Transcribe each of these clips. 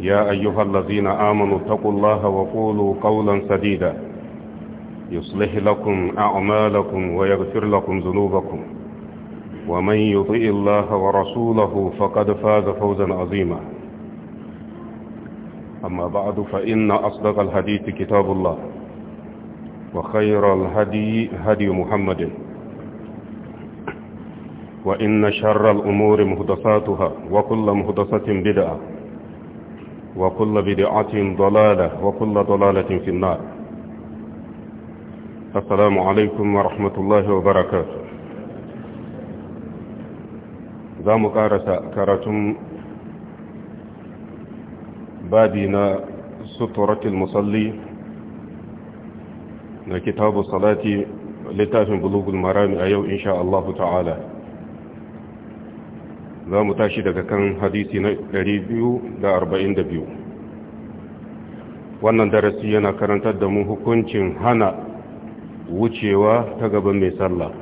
يا أيها الذين آمنوا اتقوا الله وقولوا قولا سديدا يصلح لكم أعمالكم ويغفر لكم ذنوبكم ومن يطع الله ورسوله فقد فاز فوزا عظيما أما بعد فإن أصدق الحديث كتاب الله وخير الهدي هدي محمد وإن شر الأمور مهدساتها وكل مهدسة بدأة وكل بدعة ضلالة وكل ضلالة في النار السلام عليكم ورحمة الله وبركاته ذا مقارسة كرتم بابنا سترة المصلي لكتاب الصلاة لتافن بلوغ المرام أيو إن شاء الله تعالى za mu tashi daga kan hadisi na 242 wannan darasi yana karantar da mu hukuncin hana wucewa ta gaban mai sallah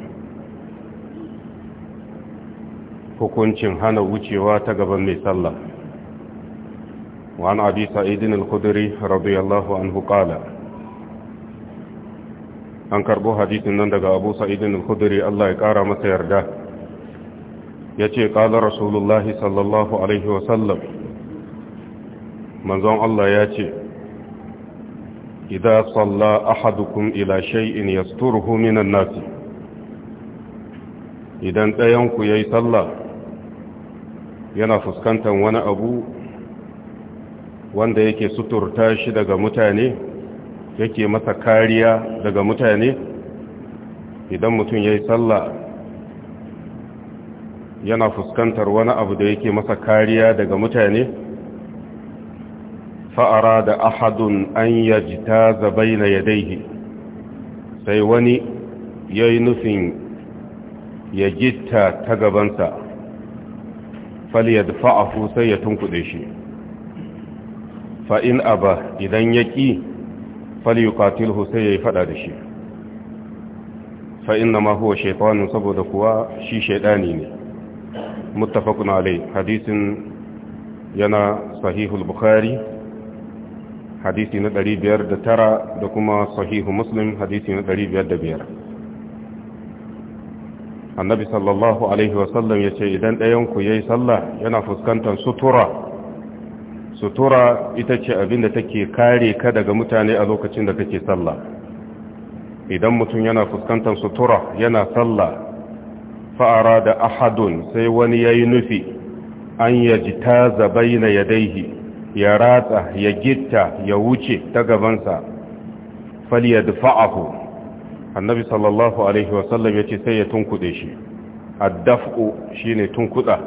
hukuncin hana wucewa ta gaban mai sallah وعن أبي سعيد الخدري رضي الله عنه قال أنكر بو حديث نندق أبو سعيد الخدري الله يقارى مسيرده ya ce ƙalar rasulullahi sallallahu alaihi wasallam manzon Allah ya ce idan salla ahadukum ila shay'in yasturuhu minan nasi idan ɗayanku ya yi sallah yana fuskantar wani abu wanda yake suturta shi daga mutane yake masa kariya daga mutane idan mutum ya yi sallah yana fuskantar wani abu da yake masa kariya daga mutane fa'ara da ahadun an yajita zabai na yadaihi sai wani ya nufin ya gitta ta gabansa fal ya fa'afu sai ya tunkuɗe shi fa'in aba idan ya fal yi sai ya yi faɗa da shi fa'in na mahuwa shaifanin saboda kuwa shi shaidani ne muttafaqun alai hadisin yana sahihul bukhari hadisi na 509 da kuma sahihu muslim hadisi na 505 annabi sallallahu alaihi wasallam ya ce idan ɗayanku ya yi sallah yana fuskantar sutura sutura ita ce abin da take kare ka daga mutane a lokacin da kake sallah idan mutum yana fuskantar sutura yana sallah fa'ara da ahadun sai wani ya yi nufi an ya ji ta zabai na yadaihi ya ratsa ya gitta ya wuce ta gabansa faliya aku. annabi sallallahu alaihi wasallam ya ce sai ya tunkuɗe shi addaf'u shi ne tunkuɗa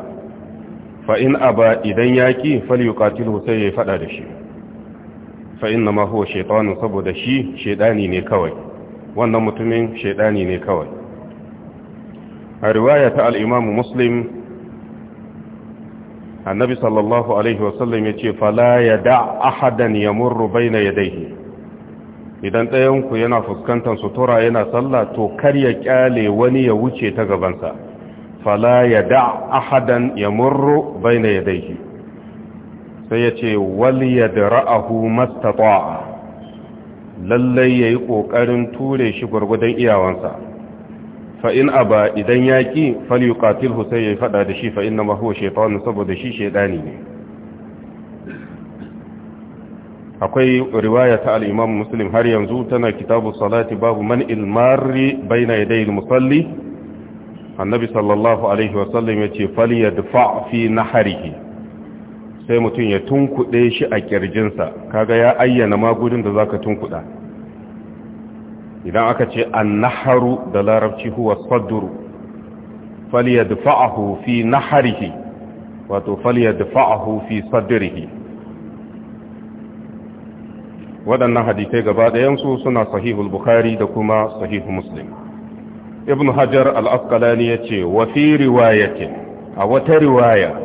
fa'in ba idan yaƙi faliyu ƙatilu sai ya faɗa da shi fa'in na maho shaiɗanu saboda shi shaiɗani ne kawai wannan mutumin shaiɗani ne kawai a riwaya ta al'imamu muslim annabi sallallahu alaihi wasallam ya ce fala ya da ahadan ya murru bai na ya daihi idan ɗayanku yana fuskantar sutura yana sallah to kar ya ƙyale wani ya wuce ta gabansa fala ya da ahadan ya murru bai na ya daihi sai ya ce wal ya ra'ahu mastata'a lallai ya yi ƙoƙarin ture shi gwargwadon iyawansa fain in aba idan yaki falyuqatilhu sai ya faɗa da shi fa'in na ma huwa saboda shi shaydani ne akwai riwaya ta alimam imam har yanzu tana kitabu salati babu man ilmari baina yaday al-musalli annabi sallallahu alaihi wa sallam yace falyadfa fi naharihi sai mutum ya tunkuɗe shi a kirjinsa kaga ya ayyana magudin da za ka tunkuɗa idan aka ce annaharu da larabci huwa sadduru falyadfa'ahu fi naharihi wato falyadfa'ahu fi sadrihi waɗannan hadisai gaba ɗayansu suna sahihul bukhari da kuma sahihu muslim ibn hajar al-asqalani yace wa fi riwayatin a wata riwaya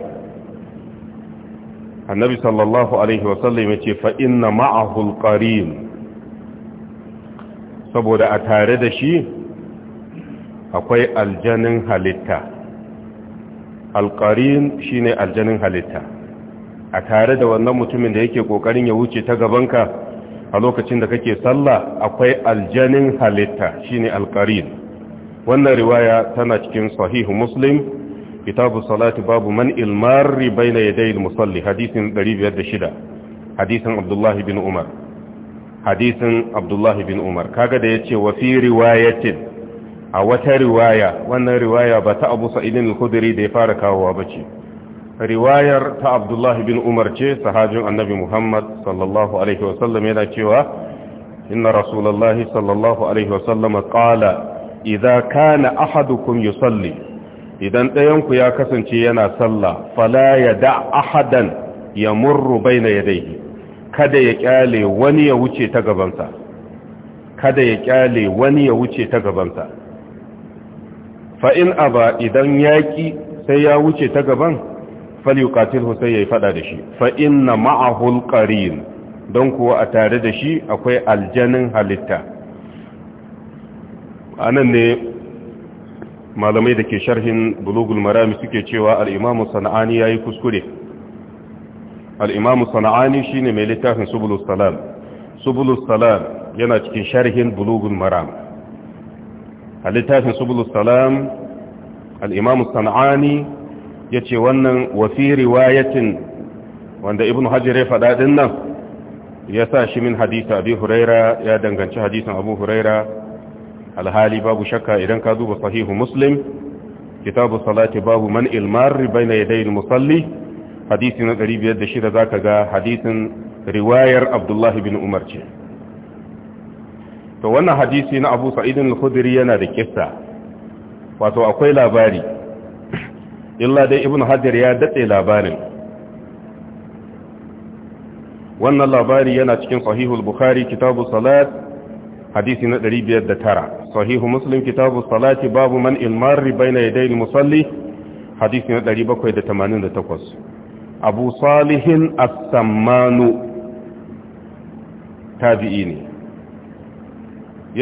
annabi sallallahu alaihi wasallam yace ce, inna ma'ahu al-qarin saboda a tare da shi akwai aljanin halitta alƙarin ne aljanin halitta a tare da wannan mutumin da yake ƙoƙarin ya wuce ta gabanka a lokacin da kake sallah akwai aljanin halitta Shi ne alƙarin wannan riwaya tana cikin sahihu muslim kitabu salati babu man ilmari bai yadda yadayil musalli hadisin 506 hadisin abdullahi bin umar hadisin abdullahi bin umar kaga da ya ce wa riwayatin a wata riwaya wannan riwaya ba ta abu sa'idin al-khudri da ya fara kawowa ba ce riwayar ta abdullahi bin umar ce sahajin annabi muhammad sallallahu alaihi wasallam yana cewa inna rasulullahi sallallahu alaihi wasallam qala idza kana ahadukum yusalli idan ɗayan ku ya kasance yana sallah fala ya da ahadan ya yamurru bayna yadayhi kada ya kyale wani ya wuce ta gabansa kada ya kyale wani ya wuce ta gabansa fa'in aba idan yaƙi sai ya wuce ta gaban falyukatil sai ya yi fada da shi fa'in na ma'ahu alqarin don kuwa a tare da shi akwai aljanin halitta anan ne malamai da ke sharhin bulugul marami suke cewa al'imamu sana'ani ya yi kuskure al'imamu sana'ani shi ne mai littafin subulus salam subulus salam yana cikin sharhin bulugun maram a littafin subulus salam al'imamu sana'ani ya ce wannan wafi riwayatin wanda ibn hajjire faɗaɗin nan ya sa shi min hadisa abu huraira ya danganci hadisan abu huraira alhali babu shakka idan ka duba sahihu muslim kitabu salati babu man ilmar bayna yadayil musalli hadisi na 506 ka ga hadisin riwayar abdullahi bin umar ce to wannan hadisi na abu sa'idin al-khudri yana da kissa wato akwai labari illa dai ibn hajar ya datse labarin wannan labari yana cikin sahihul bukhari kitabu salat hadisi na 509 sahihu muslim kitabu salati babu man ilmarri bayna yadayil musalli hadisi na 788 abu salihin as-sammanu tabi'i ne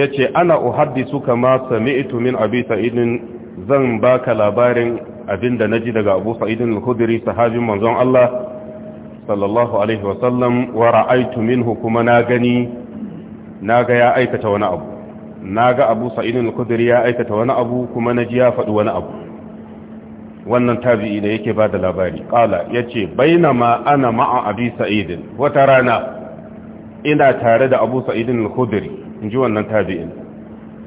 ce ana suka kama sami'tu min abi sa'idin zan baka labarin abin da na ji daga abu sa'idin al-khudri sahabin manzon Allah sallallahu alaihi wa sallam wa ra'aytu minhu kuma na gani naga ya aikata wani abu na ga abu sa'idin al-khudri ya aikata wani abu kuma na ji ya faɗi wani abu wannan tabi'i da yake ba da labari ƙala ya ce bainama ana ma'a abi sa'idin wata rana ina tare da abu sa'idin al-khudiri in ji wannan tabi'in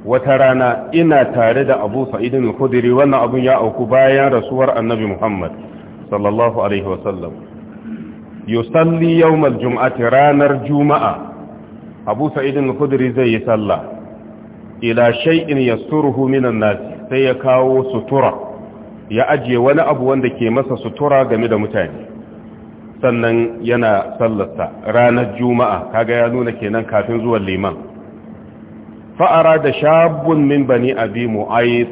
wata rana ina tare da abu sa'idin al-khudiri wannan abun ya auku bayan rasuwar annabi muhammad sallallahu alaihi wa wasallam yusalli yawmal jum'ati ranar juma'a abu sa'idin al-khudiri zai yi sallah ila shay'in yasturuhu minan nas sai ya kawo sutura ya ajiye wani abu wanda ke masa sutura game da mutane sannan yana sallarsa ranar juma'a kaga ya nuna kenan kafin zuwan liman fa'ara da shabun min bani abi mu'ayis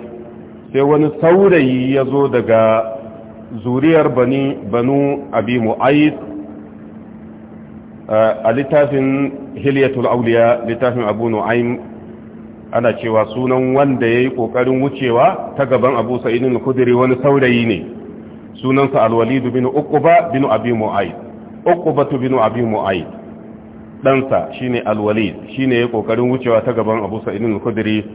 sai wani saurayi ya zo daga zuriyar bani banu abi mu'ayis a littafin hilyatul auliya littafin abu nu'aim ana cewa sunan wanda ya yi ƙoƙarin wucewa ta gaban abu sa'idin kudiri wani saurayi ne sunansa alwalidu bin uquba bin abi mu'ayyid uqubatu binu abi mu'ayyid ɗansa shine alwalid shine ya ƙoƙarin wucewa ta gaban abu sa'idin kudiri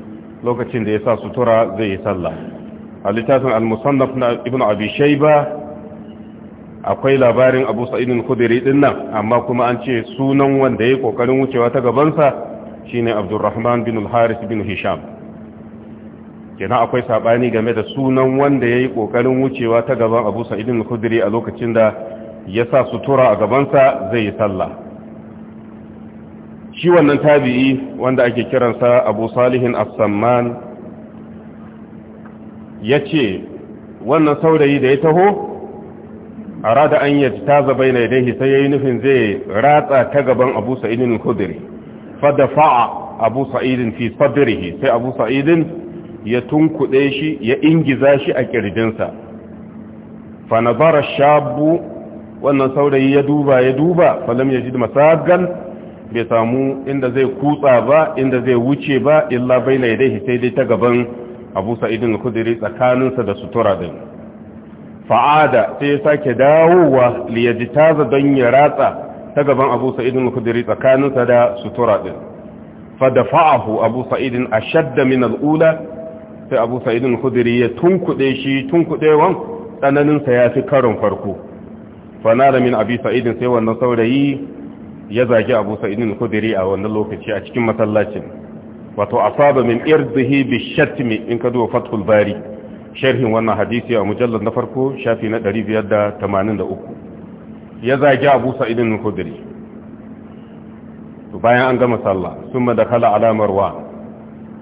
lokacin da ya sa sutura zai yi sallah a littafin al-musannaf na ibn abi shayba akwai labarin abu sa'idin kudiri din nan amma kuma an ce sunan wanda ya yi ƙoƙarin wucewa ta gabansa shine Abdurrahman bin al-Haris bin Hisham kenan akwai sabani game da sunan wanda yayi kokarin wucewa ta gaban Abu Sa'id al-Khudri a lokacin da ya sa sutura a gabansa zai yi sallah shi wannan tabi'i wanda ake kiransa Abu Salihin as-Samman yace wannan saurayi da ya taho arada an yajtaza bayna yadayhi sai yayi nufin zai ratsa ta gaban Abu Sa'id al-Khudri fadafa'a abu sa'idin fi sadrihi sai abu sa'idin ya tunkuɗe shi ya ingiza shi a kirjinsa Fanabara shabu wannan saurayi ya duba ya duba falam yajid masagan bai samu inda zai kutsa ba inda zai wuce ba illa baina yadayhi sai dai ta gaban abu sa'idin kudiri tsakaninsa da sutura din fa'ada sai ya sake dawowa za don ya ratsa ta gaban abu sa'idin kudiri tsakaninsa da sutura din fadafa'ahu abu sa'idin a shadda min al'ula sai abu sa'idin kudiri ya tunkuɗe shi tunkuɗewan tsananinsa ya fi karin farko da min abu sa'idin sai wannan saurayi ya zagi abu sa'idin kudiri a wannan lokaci a cikin masallacin wato asaba min irzihi bi shatmi in ka duba fathul bari sharhin wannan hadisi a mujallar na farko shafi na 583 ya zagi abu sa'idin kudiri bayan an gama sallah sun madakala ala marwan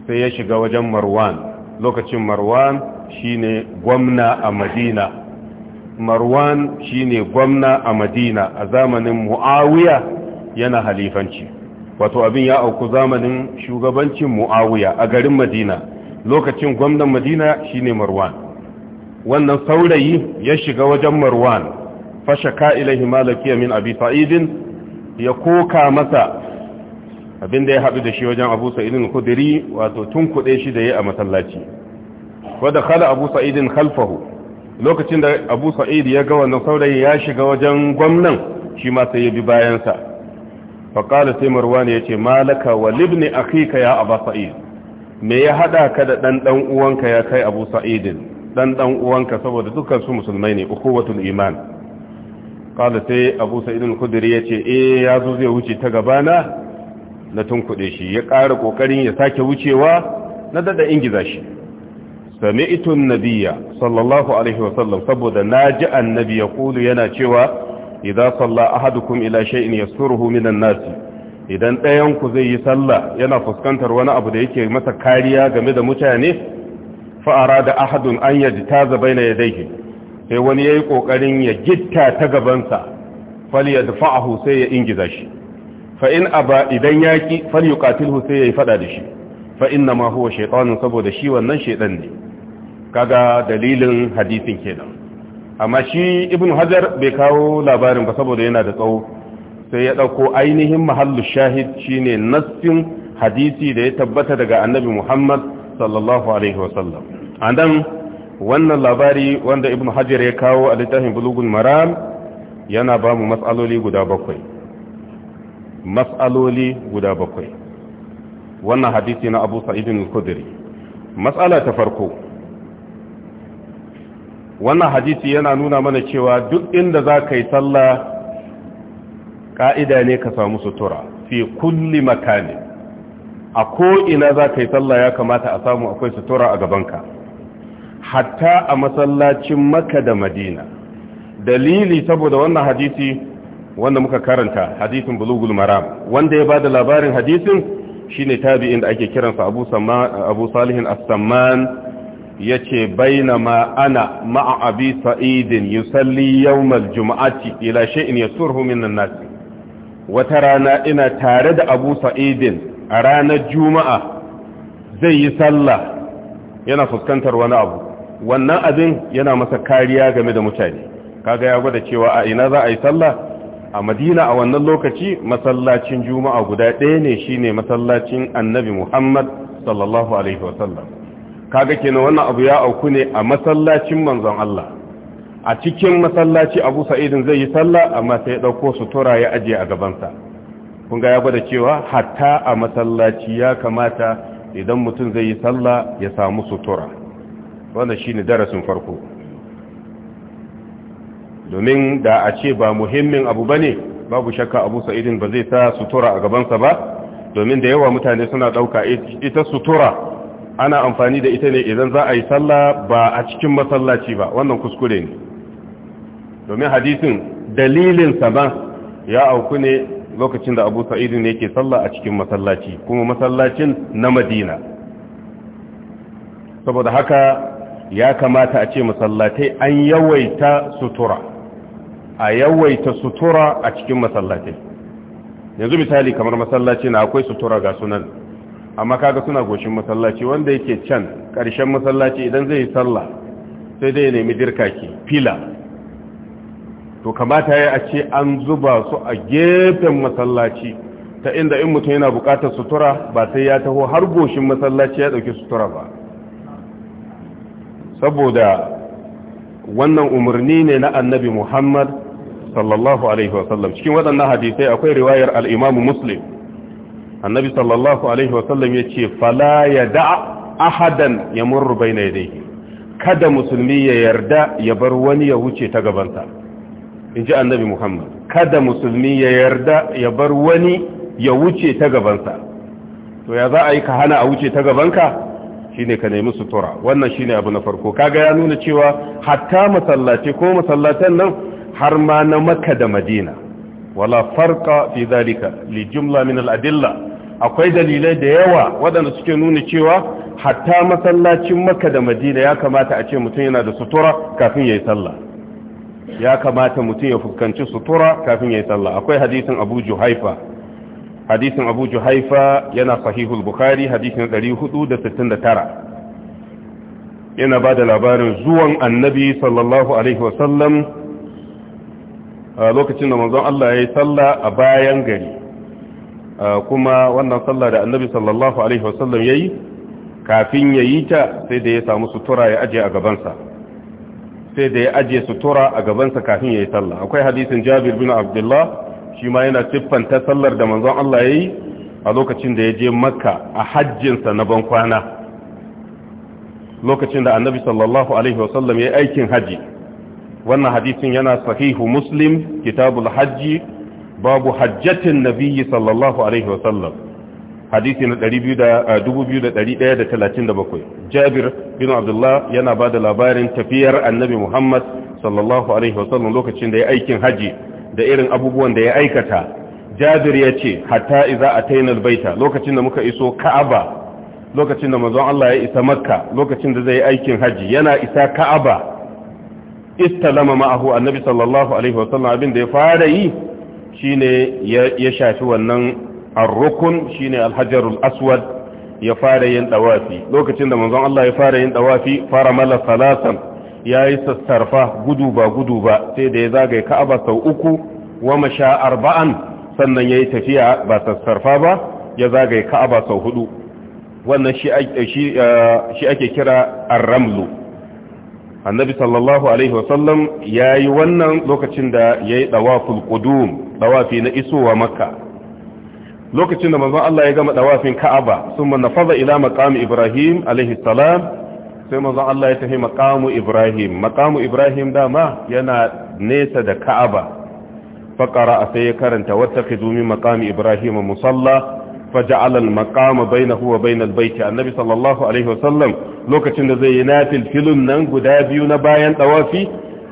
sai ya shiga wajen marwan lokacin marwan shine gwamna a madina marwan shine gwamna a madina a zamanin mu'awiya yana halifanci wato abin ya auku zamanin shugabancin mu'awiya a garin madina lokacin gwamnan madina shine marwan wannan saurayi ya shiga wajen marwan Fasha ilaihi malakiya min abi sa'idin ya koka masa da ya haɗu da shi wajen abu sa'idin kudiri wato tun kuɗe shi da ya a masallaci wadda kala abu sa'idin lokacin da abu sa'id ya ga wannan saurayi ya shiga wajen gwamnan shi ma sai ya bi bayansa faƙala sai marwan ya ce malaka wa libni akhika ya abu sa'id me ya haɗa ka da ɗan ɗan uwanka ya kai abu sa'idin ɗan ɗan uwanka saboda dukkan su musulmai ne ukuwatul iman kala sai abu sa'idin kudiri ya ce eh ya zo zai wuce ta gabana na tunkuɗe shi ya ƙara ƙoƙarin ya sake wucewa na daɗa ingiza shi sami itun nabiya sallallahu alaihi wasallam saboda na ji annabi ya kulu yana cewa idan salla ahadukum ila shay'in yasturuhu minan nasi idan ɗayan ku zai yi sallah yana fuskantar wani abu da yake masa kariya game da mutane fa arada ahadun an yajtaza baina yadayhi sai wani ya yi ƙoƙarin ya gitta ta gabansa fal ya a sai ya ingiza shi fa in ba idan ya ki fal yuqatilhu sai ya yi faɗa da shi fa inna ma huwa shaytanun saboda shi wannan shaytan ne kaga dalilin hadisin kenan amma shi ibnu hajar bai kawo labarin ba saboda yana da tsawo sai ya ɗauko ainihin mahallu shahid shine nassin hadisi da ya tabbata daga annabi Muhammad sallallahu alaihi wasallam anan wannan labari wanda ibn Hajjar ya kawo a littafin bulugun maram yana ba mu matsaloli guda bakwai matsaloli guda bakwai wannan hadisi na abu sa'idin al Kudiri matsala ta farko wannan hadisi yana nuna mana cewa duk inda za ka yi sallah ƙa'ida ne ka samu sutura fi kulli makani a ko'ina za ka yi sallah ya kamata a samu akwai sutura a gabanka hatta a masallacin makka da madina dalili saboda wannan hadisi wanda muka karanta hadisin bulugul maram wanda ya ba da labarin hadisin shine tabi'in da ake kiransa abu abu salihin as-samman yace bainama ana ma'a abi sa'idin yusalli yawmal jum'ati ila shay'in yasurhu minan nas wata rana ina tare da abu sa'idin a ranar juma'a zai yi sallah yana fuskantar wani abu wannan abin yana masa kariya game da mutane kaga ya gwada cewa a ina za a yi sallah a madina a wannan lokaci masallacin juma'a guda ɗaya ne shine masallacin annabi muhammad sallallahu alaihi wasallam kaga kenan wannan abu ya auku ne a masallacin manzon Allah a cikin masallaci Abu Sa'idin zai yi sallah amma sai ya ɗauko sutura ya aje a gabansa kun ga ya gwada cewa hatta a masallaci ya kamata idan mutum zai yi sallah ya samu sutura wanda ne darasin farko domin da a ce ba muhimmin abu ba ne babu shakka Abu Sa'idin ba zai sa sutura a gabansa ba domin da yawa mutane suna ɗauka ita sutura ana amfani da ita ne idan za a yi sallah ba a cikin masallaci ba wannan kuskure ne domin hadisin dalilin sama ya auku ne lokacin da Abu Sa'idin ne ke sallah a cikin masallaci kuma masallacin na Madina saboda haka ya kamata a ce masallatai an yawaita sutura a yawaita sutura a cikin masallatai yanzu misali kamar masallaci na akwai sutura ga sunan amma kaga suna goshin masallaci wanda yake can karshen masallaci idan zai yi sallah sai dai nemi dirkaki fila to kamata ya a ce an zuba su a gefen masallaci ta inda in mutum yana bukatar sutura ba sai ya taho har goshin masallaci ya ɗauki sutura ba saboda wannan umarni ne na annabi Muhammad sallallahu alaihi wasallam cikin waɗannan hadisai akwai riwayar al-Imam Muslim annabi sallallahu alaihi wasallam yace fala yada ahadan yamurru bayna yadayhi kada musulmi ya yarda ya bar wani ya wuce ta gabansa inji annabi Muhammad kada musulmi ya yarda ya bar wani ya wuce ta gabansa to ya za a yi ka hana a wuce ta gabanka shine ka nemi sutura wannan shine abu na farko kaga ya nuna cewa hatta masallaci ko masallatan nan har ma na makka da madina wala farqa fi zalika li jumla min al adilla akwai dalilai da yawa waɗanda suke nuna cewa hatta masallacin makka da madina ya kamata a ce mutum yana da sutura kafin yi sallah ya kamata mutum ya fuskanci sutura kafin yayi sallah akwai hadisin abu juhaifa hadisin abu juhaifa yana sahihul bukhari hadisin 469 yana ba da labarin zuwan annabi sallallahu alaihi wasallam lokacin da manzon Allah ya yi sallah a bayan gari kuma wannan sallah da annabi sallallahu alaihi wasallam ya yi kafin ya yi ta sai da ya samu sutura ya aje a gabansa sai da ya aje sutura a gabansa kafin ya yi sallah akwai hadisin jabir bin abdullah shi ma yana siffanta sallar da manzon Allah ya yi a lokacin da ya je makka a hajjinsa na ban kwana lokacin da annabi sallallahu alaihi wasallam ya yi aikin haji wannan hadisin yana sahihu muslim kitabul hajji babu hajjatin nabiyyi sallallahu alaihi wasallam hadisi na 2137 jabir bin abdullah yana ba da labarin tafiyar annabi muhammad sallallahu alaihi wasallam lokacin da ya aikin haji da irin abubuwan da ya aikata jabir ya ce hatta iza tainar baita. lokacin da muka iso ka'aba lokacin da manzon Allah ya isa makka lokacin da zai aikin haji yana isa ka'aba istalama ma'ahu annabi sallallahu alaihi wasallam abin da ya fara yi shine ya shafi wannan ar-rukun shine al-hajarul aswad ya fara yin dawafi lokacin da manzon Allah ya fara yin dawafi fara mala salatan ya yi sassarfa gudu ba gudu ba sai da ya zagaye ka'aba sau uku wa masha arba'an sannan ya yi tafiya ba sassarfa ba ya zagaye ka'aba sau hudu wannan shi ake eh, kira arramlu annabi sallallahu alaihi wasallam ya yi wannan lokacin da ya yi ɗawaful ƙudum ɗawafi na isowa makka lokacin da manzon Allah ya gama ɗawafin ka'aba sun manafaza ila maƙami ibrahim alaihi salam sai manzo Allah ya tafi maqamu Ibrahim maqamu Ibrahim dama yana nesa da Ka'aba faqara sai ya karanta wata min maqami Ibrahim musalla faja'ala al-maqama bainahu wa bainal bayti annabi sallallahu alaihi wasallam lokacin da zai yi nafil filun nan guda biyu na bayan dawafi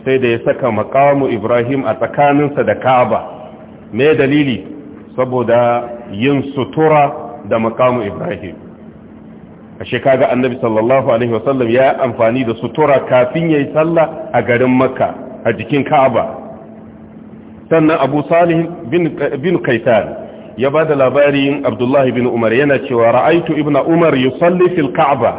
sai da ya saka maqamu Ibrahim a tsakaninsa da Ka'aba me dalili saboda yin sutura da makamu ibrahim ashe kaga annabi sallallahu alaihi wasallam ya amfani da sutura kafin yayi sallah a garin makka a jikin ka'aba sannan abu salih bin bin kaitan ya bada labarin abdullahi bin umar yana cewa ra'aitu ibnu umar yusalli fil ka'aba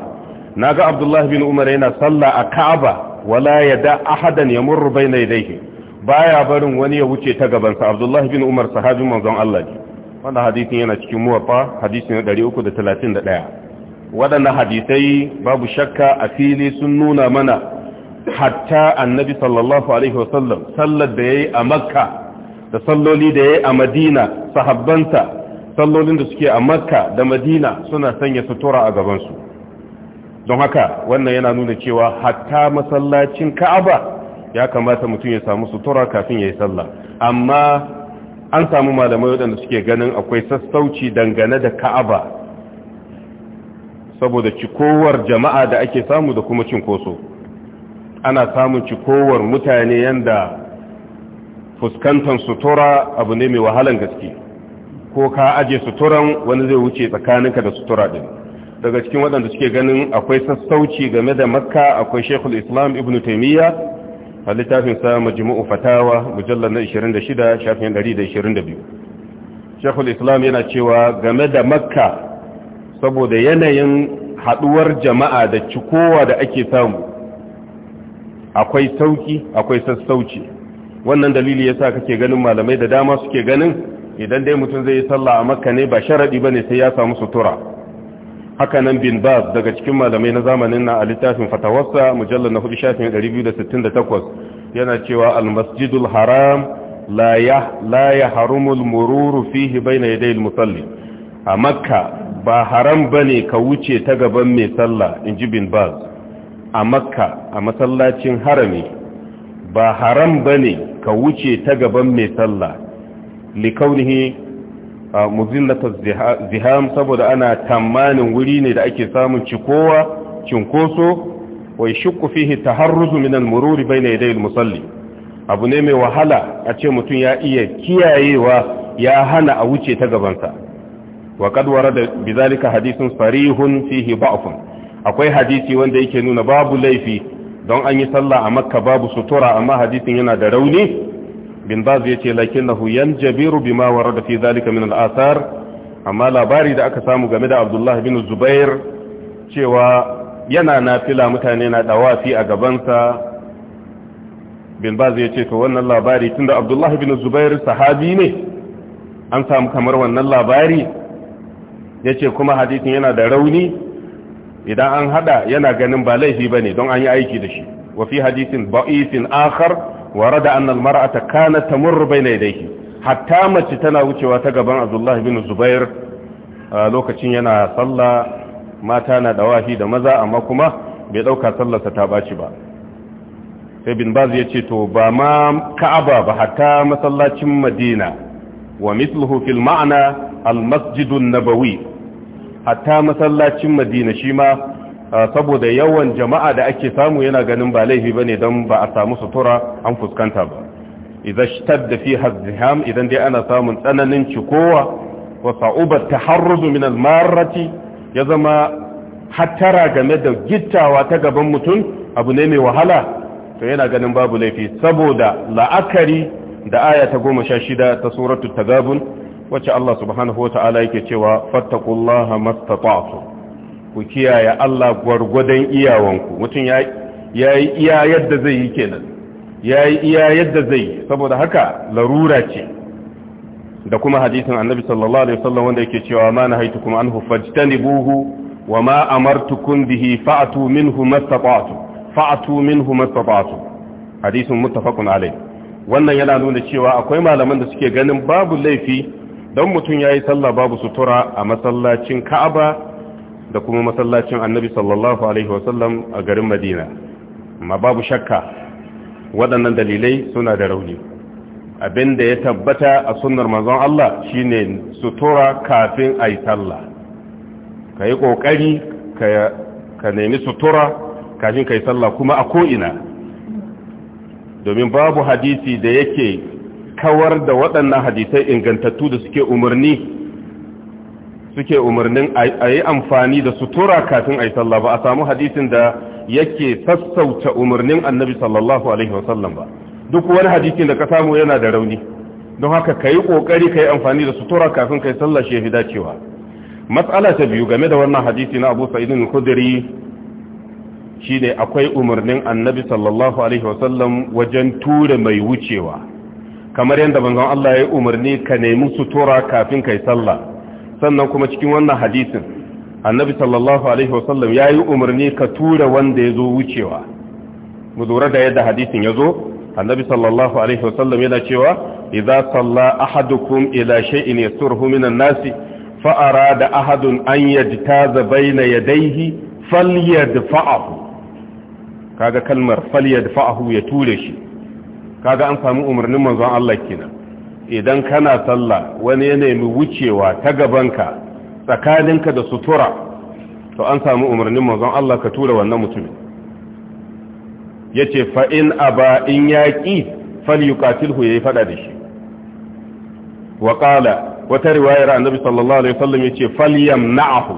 naga abdullahi bin umar yana sallah a ka'aba wala yada ahadan yamurru bayna yadayhi baya barin wani ya wuce ta gaban sa abdullahi bin umar sahabin manzon Allah ne wannan hadisin yana cikin muwaffa hadisi na 331 waɗannan hadisai babu shakka a fili sun nuna mana hatta annabi sallallahu alaihi wasallam sallar da ya yi a makka da salloli da ya yi a madina sahabbanta sallolin da suke a makka da madina suna sanya sutura a gabansu don haka wannan yana nuna cewa hatta masallacin ka'aba ya kamata mutum ya samu sutura kafin ya yi sallah amma an samu malamai waɗanda suke ganin akwai sassauci dangane da ka'aba saboda cikowar jama'a da ake samu da kuma cinkoso ana samun cikowar mutane yanda fuskantar sutura abu ne mai wahalan gaske ko ka aje suturan wani zai wuce tsakaninka da sutura din daga cikin waɗanda suke ganin akwai sassauci game da makka akwai shekul islam ibn taimiyya a littafinsa majimu'u fatawa mujallar na 26 shafin 122 shekul islam yana cewa game da makka saboda yanayin haduwar jama'a da cikowa da ake samu akwai sauki akwai sassauci wannan dalili yasa kake ganin malamai da dama suke ganin idan dai mutum zai yi sallah a makka ne ba ba ne sai ya samu sutura haka nan bin baz daga cikin malamai na zamanin na a littafin fatawarsa mujallar na hudu shafin 268 yana cewa almasjidul haram la ya harumul mururu fihi bayna yadayil musalli a makka ba haram ba ne ka wuce ta gaban mai sallah in ji bin baz a makka a masallacin harami ba haram ba ne ka wuce ta gaban mai sallah likaunihi a muzillatar ziham saboda ana tamanin wuri ne da ake samun cikowa cinkoso wai shukku fihi taharruzu minal mururi bayna yadayil musalli abu ne mai wahala a ce mutum ya iya kiyayewa ya hana a wuce ta gabansa wa qad da bizalika hadisin sarihun fihi da'fun akwai hadisi wanda yake nuna babu laifi don an yi sallah a makka babu sutura amma hadisin yana da rauni bin baz yace lakinnahu yanjabiru bima warada fi zalika min al-athar amma labari da aka samu game da Abdullahi bin Zubair cewa yana nafila mutane na dawafi a gabansa bin baz ce to wannan labari tunda Abdullah bin Zubair sahabi ne an samu kamar wannan labari yace kuma hadisin yana da rauni idan an hada yana ganin ba laifi ba ne don an yi aiki da shi wa fi hadisin ba'isin akhar warada anna almar'ata kanat tamur bayna yadayhi hatta mace tana wucewa ta gaban Abdullah bin Zubair lokacin yana sallah mata na dawahi da maza amma kuma bai dauka sallarsa ta baci ba sai bin baz ya ce to ba ma ka'aba ba hatta masallacin madina wa mithluhu fil ma'ana al masjidun nabawi hatta masallacin madina shi ma saboda yawan jama'a da ake samu yana ganin ba laifi ba ne don ba a samu sutura an fuskanta ba idan shtar da fi haziham idan dai ana samun tsananin cikowa wa sa'ubar ta harruzu min almarati ya zama hattara game da gittawa ta gaban mutum abu ne mai wahala to yana ganin babu laifi saboda la'akari da aya ta goma sha shida ta suratul tagabun wacce Allah subhanahu wa ta'ala yake cewa fattakullaha mastata'tu ku kiyaye Allah gwargwadon iyawanku mutum ya yi iya yadda zai yi kenan ya yi iya yadda zai yi saboda haka larura ce da kuma hadisin annabi sallallahu alaihi wasallam wanda yake cewa ma nahaytukum anhu fajtanibuhu wa ma amartukum bihi fa'tu minhu mastata'tu fa'tu minhu mastata'tu hadisin muttafaqun alaihi wannan yana nuna cewa akwai malaman da suke ganin babu laifi don mutum ya yi sallah babu sutura a masallacin ka'aba da kuma masallacin annabi sallallahu alaihi wasallam a garin madina amma babu shakka waɗannan dalilai suna da rauni abinda ya tabbata a sunnar manzon Allah shine sutura kafin a yi sallah ka yi ƙoƙari ka nemi sutura kafin ka yi sallah kuma a ko'ina domin babu hadisi da yake kawar da waɗannan hadisai ingantattu da suke umarni suke umarnin a yi amfani da sutura kafin a yi sallah ba a samu hadisin da yake sassauta umarnin annabi sallallahu alaihi wasallam ba duk wani hadisin da ka samu yana da rauni don haka ka yi ƙoƙari ka yi amfani da sutura kafin ka yi sallah shi ya fi dacewa matsala ta biyu game da wannan hadisi na abu sa'idin kudiri shine akwai umarnin annabi sallallahu alaihi wasallam wajen tura mai wucewa kamar yadda banzan Allah ya umarni ka nemi sutura kafin kai sallah sannan kuma cikin wannan hadisin annabi sallallahu alaihi wasallam ya yi umarni ka tura wanda ya zo wucewa mu da yadda hadisin ya zo annabi sallallahu alaihi wasallam yana cewa idza salla ahadukum ila shay'in yasurhu minan nasi fa arada ahadun an yajtaza bayna yadayhi falyadfa'ahu kaga kalmar falyadfa'ahu ya ture shi kaga an samu umarnin manzon Allah kenan idan kana sallah wani ya nemi wucewa ta gabanka tsakaninka da sutura to an samu umarnin manzon Allah ka tura wannan mutumin yace fa in aba in yaqi falyuqatilhu yayi fada da shi wa qala wata riwayar annabi sallallahu alaihi wasallam yace falyamna'hu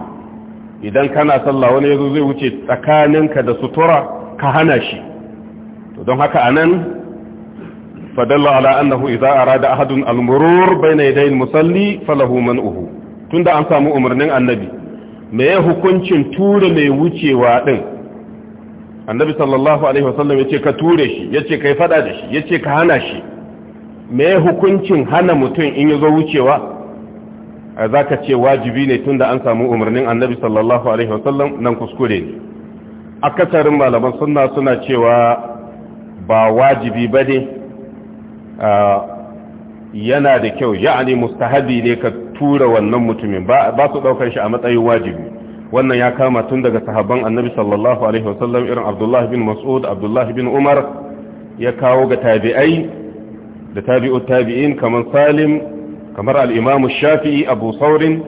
idan kana sallah wani yazo zai wuce tsakaninka da sutura ka hana shi to don haka anan فدل على أنه إذا أراد أحد المرور بين يدي المصلي فله منعه tunda an samu umarnin annabi me ya hukuncin ture mai wucewa din annabi sallallahu alaihi wasallam yace ka ture shi yace kai fada da shi yace ka hana shi me ya hukuncin hana mutum in yazo wucewa a zaka ce wajibi ne tunda an samu umarnin annabi sallallahu alaihi wasallam nan kuskure ne akasarin malaman sunna suna cewa ba wajibi bane yana da kyau ya'ani mustahabi ne ka tura wannan mutumin ba su daukar shi a matsayin wajibi wannan ya kama tun daga sahabban annabi sallallahu alaihi wasallam irin abdullah bin mas'ud abdullah bin umar ya kawo ga tabi'ai da tabi'ut tabi'in kamar salim kamar al-imam shafi'i abu saurin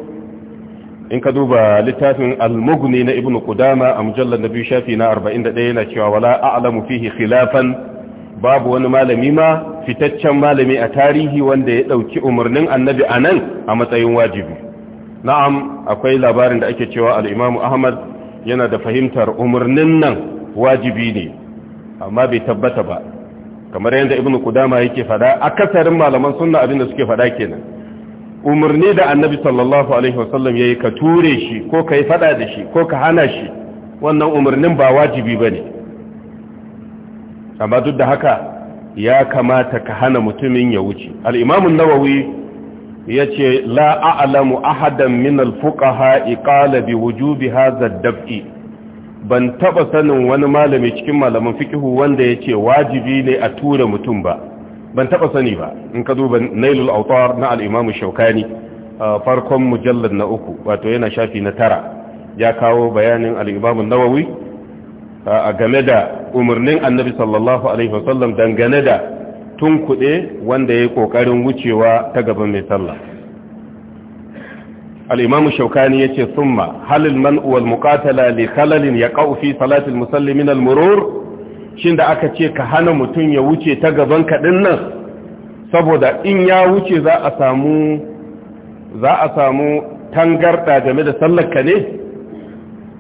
in ka duba littafin al-mughni na ibnu qudama a mujallad nabi shafi na 41 yana cewa wala a'lamu fihi khilafan babu wani malami ma fitaccen malami a tarihi wanda ya ɗauki umarnin annabi a nan a matsayin wajibi na'am akwai labarin da ake cewa al'imamu ahmad yana da fahimtar umarnin nan wajibi ne amma bai tabbata ba kamar yadda ibn kudama yake fada akasarin malaman sunna abinda suke fada kenan umarni da annabi sallallahu alaihi wasallam yayi ka ture shi ko ka yi fada da shi ko ka hana shi wannan umarnin ba wajibi bane amma duk da haka ya kamata ka hana mutumin ya wuce al'imamun nawawi ya ce la'a'alamu ahadan minal alfuƙaha iƙala bi wujubi hazar dab'i ban taɓa sanin wani malami cikin malaman fikihu wanda ya ce wajibi ne a tura mutum ba ban taɓa sani ba in ka duba nailul autar na al'imamin shaukani farkon mujallar na uku wato yana shafi na tara ya kawo bayanin al'imamun nawawi a game da umarnin annabi sallallahu alaihi wasallam dangane da tun kuɗe wanda ya yi ƙoƙarin wucewa ta gaban mai sallah al'imamu shaukani ya ce sun ma halin man'uwal mukatala li kalalin ya ƙaufi salatin musallimin al-murur shin da aka ce ka hana mutum ya wuce ta gaban kaɗin nan saboda in ya wuce za a samu za a samu tangarɗa game da sallar ka ne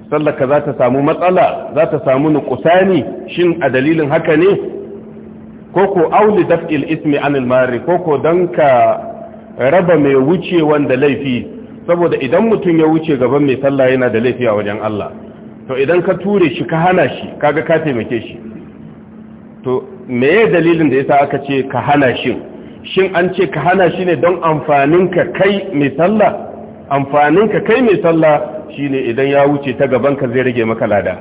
sallaka za ta samu matsala za ta samu nukusani shin a dalilin haka ne ko ko auli daf'il ismi anil mari ko ko don ka raba mai wuce wanda laifi saboda idan mutum ya wuce gaban mai sallah yana da laifi a wajen Allah to idan ka ture shi ka hana shi kaga ka taimake shi to meye dalilin da yasa aka ce ka hana shi shin an ce ka hana shi ne don amfaninka kai mai sallah amfanin ka kai mai sallah shine idan ya wuce ta gaban ka zai rage maka lada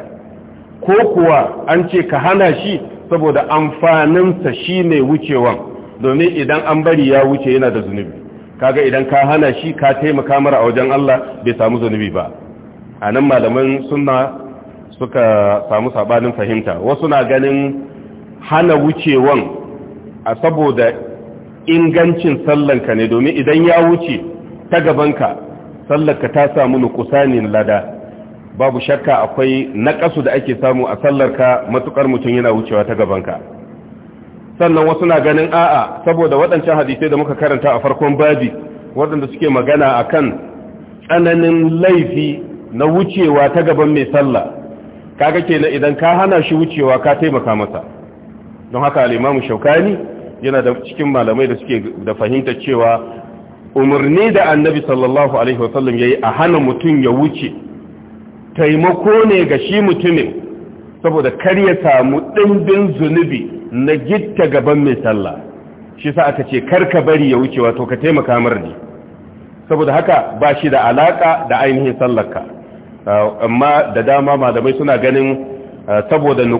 ko kuwa an ce ka hana shi saboda amfaninsa shine wucewan domin idan an bari ya wuce yana da zunubi kaga idan ka hana shi ka taimaka mara a wajen Allah bai samu zunubi ba a nan malaman sunna suka samu sabanin fahimta wasu na ganin hana wucewan a saboda ingancin sallanka ne domin idan ya wuce ta gabanka sallar ka ta samu na lada babu shakka akwai naƙasu da ake samu a sallar ka matukar mutum yana wucewa ta gabanka sannan wasu na ganin a'a saboda waɗancan hadisai da muka karanta a farkon babi waɗanda suke magana akan tsananin laifi na wucewa ta gaban mai sallah kaga kenan idan ka hana shi wucewa ka taimaka masa don haka al-Imam Shaukani yana da cikin malamai da suke da fahimtar cewa umarni da annabi sallallahu alaihi wasallam yayi a hana mutum ya wuce taimako ne ga shi mutumin saboda kar ya samu ɗimbin zunubi na gitta gaban mai sallah shi sa aka ce kar ka bari ya wuce wato ka taimaka marni saboda haka ba shi da alaka da ainihin sallarka uh, amma da dama malamai suna ganin uh, saboda ne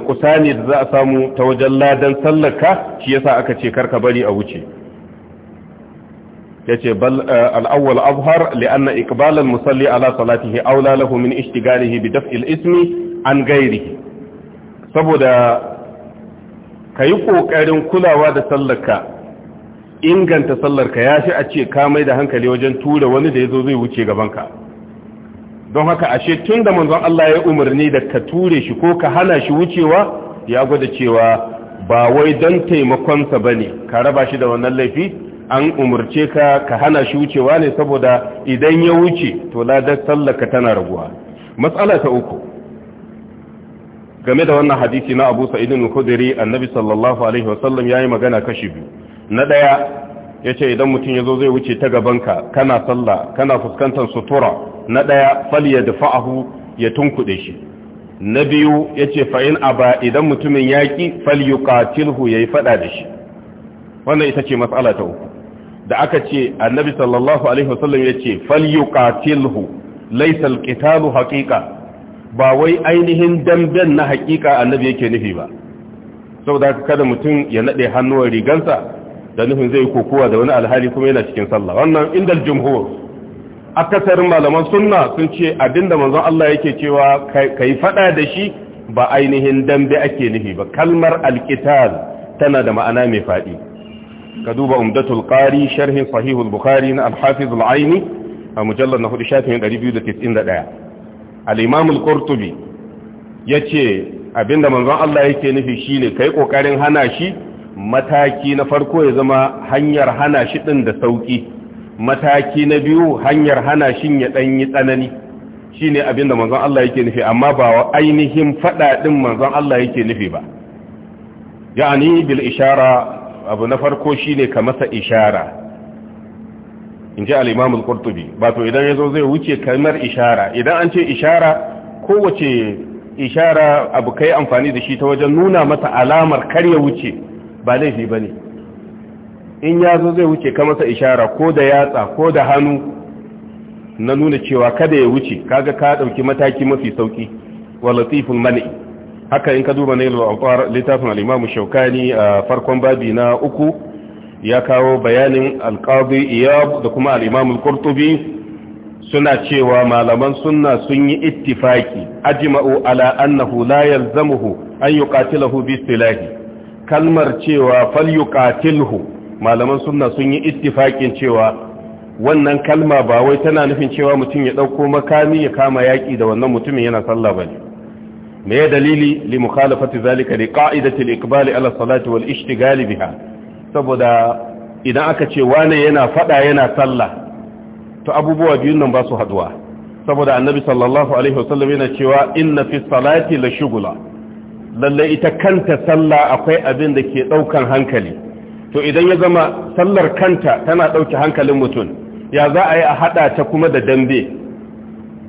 da za a samu ta wajen ladan sallarka shi yasa aka ce kar ka bari a wuce yace bal eh, al-awwal azhar li'anna iqbal al-musalli ala salatihi aula lahu min ishtigalihi bi daf'il ismi an ghairihi saboda kayi kokarin kulawa da sallarka inganta sallarka yafi a ce ka mai da hankali wajen tura wani da yazo zai wuce gabanka don haka ashe tunda manzon Allah ya umarni da ka ture shi ko ka hana shi wucewa ya gwada cewa ba wai don taimakonsa ba ne ka raba shi da wannan laifi an umarce ka ka hana shi wucewa ne saboda idan ya wuce to ladar sallaka tana raguwa matsala ta uku game da wannan hadisi na Abu Sa'id al annabi sallallahu alaihi wasallam yayi magana kashi biyu na daya yace idan mutum yazo zai wuce ta gabanka kana salla kana fuskantar sutura na daya falyadfa'ahu ya tunkude shi na biyu yace fa in aba idan mutumin yaki falyuqatilhu yayi faɗa da shi wannan ita ce matsala ta uku da aka ce annabi sallallahu alaihi wasallam ya ce falyuqatilhu laysa alqitalu haqiqa ba wai ainihin damben na haqiqa annabi yake nufi ba saboda kada mutum ya nade hannuwan rigansa da nufin zai kokowa da wani alhali kuma yana cikin sallah wannan indal jumhur akasarin malaman sunna sun ce abinda manzon Allah yake cewa kai fada da shi ba ainihin dambe ake nufi ba kalmar alqital tana da ma'ana mai fadi ka duba umdatul qari sharhin sahihul bukhari na al-hafiz al-aini a mujallar na hudu shafin 291 al-imam al-qurtubi yace abinda manzon Allah yake nufi shine kai kokarin hana shi mataki na farko ya zama hanyar hana shi din da sauki mataki na biyu hanyar hana shin ya dan yi tsanani shine abinda manzon Allah yake nufi amma ba ainihin fada din manzon Allah yake nufi ba yani bil ishara abu na farko shine ka masa ishara in ji alimamul ƙurtubi ba to idan ya yazo zai wuce kamar ishara idan an ce ishara kowace ishara abu kai amfani da shi ta wajen nuna masa alamar kar ya wuce ba laifi ne in ya zo zai wuce ka masa ishara ko da yatsa ko da hannu na nuna cewa kada ya wuce kaga ka ɗauki mataki mafi sauki wa latifin man'i haka in ka duba na al littafin al shaukani a farkon babi na uku ya kawo bayanin al iyab da kuma al kurtubi suna cewa malaman sunna sun yi ittifaki ajma'u ala annahu la yalzamuhu an yuqatilahu bi kalmar cewa fal yuqatilhu malaman sunna sun yi ittifakin cewa wannan kalma ba wai tana nufin cewa mutum ya ɗauko makami ya kama yaƙi da wannan mutumin yana sallah ne. me dalili li mukhalafati zalika li qa'idati al-iqbal ala salati saboda idan aka ce wane yana fada yana sallah to abubuwa biyun nan ba su haduwa saboda annabi sallallahu alaihi wasallam yana cewa inna fi salati la shugula lallai ita kanta sallah akwai abin da ke ɗaukan hankali to idan ya zama sallar kanta tana dauke hankalin mutum ya za a yi a haɗa ta kuma da dambe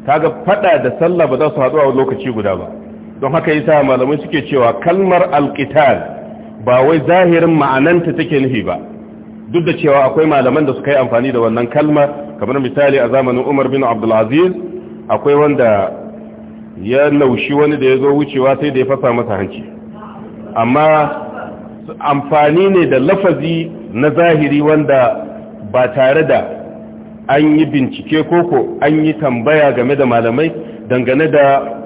kaga faɗa da sallah ba za su haɗu a lokaci guda ba don haka yasa malamai suke cewa kalmar alqital ba wai zahirin ma'ananta take nufi ba duk da cewa akwai malaman da suka yi amfani da wannan kalma kamar misali a zamanin Umar bin Abdul akwai wanda ya naushi wani da ya zo wucewa sai da ya fasa masa hanci amma amfani ne da lafazi na zahiri wanda ba tare da an yi bincike koko an yi tambaya game da malamai dangane da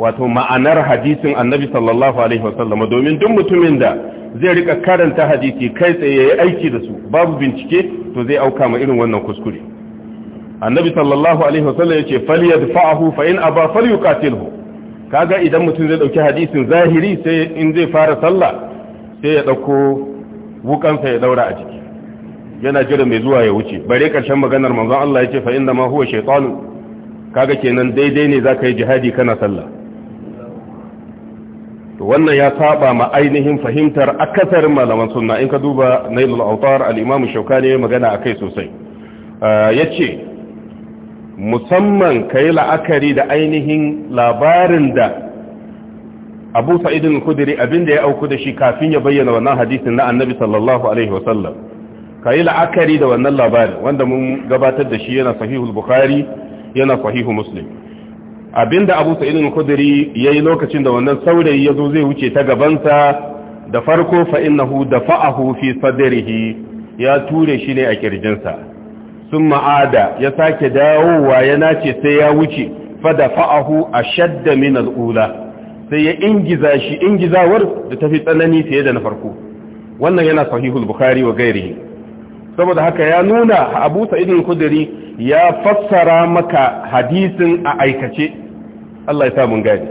wato ma'anar hadisin annabi sallallahu alaihi wasallam domin duk mutumin da zai rika karanta hadisi kai tsaye yayi aiki da su babu bincike to zai auka ma irin wannan kuskure annabi sallallahu alaihi wasallam yace falyadfa'hu fa in aba falyuqatilhu kaga idan mutum zai dauki hadisin zahiri sai in zai fara sallah sai ya dauko wukansa ya daura a jiki yana jira mai zuwa ya wuce bare karshen maganar manzon Allah yace fa inna ma huwa shaytanu kaga kenan daidai ne zaka yi jihadi kana sallah wannan ya saba ma ainihin fahimtar akasarin malaman sunna in ka duba nailul autar al-imam shaukani magana akai sosai uh, ya ce musamman yi la'akari da ainihin labarin da Abu Sa'id al abinda ya auku da shi kafin ya bayyana wannan hadisin na Annabi sallallahu alaihi wasallam yi la'akari da wannan labarin wanda mun gabatar da shi yana sahihul bukhari yana sahihu muslim abinda abu sa'idin kudiri ya yi lokacin da wannan saurayi ya zo zai wuce ta gabansa da farko fa'innahu da fa'ahu fi sadarihi ya ture shi ne a kirjinsa sun ma'ada ya sake dawowa ya nace sai ya wuce fada fa'ahu a shadda min al'ula sai ya ingiza shi ingizawar da tafi tsanani fiye da na farko wannan yana sahihul bukari wa gairi saboda haka ya nuna abu sa'idin kudiri ya fassara maka hadisin a aikace Allah ya samun gani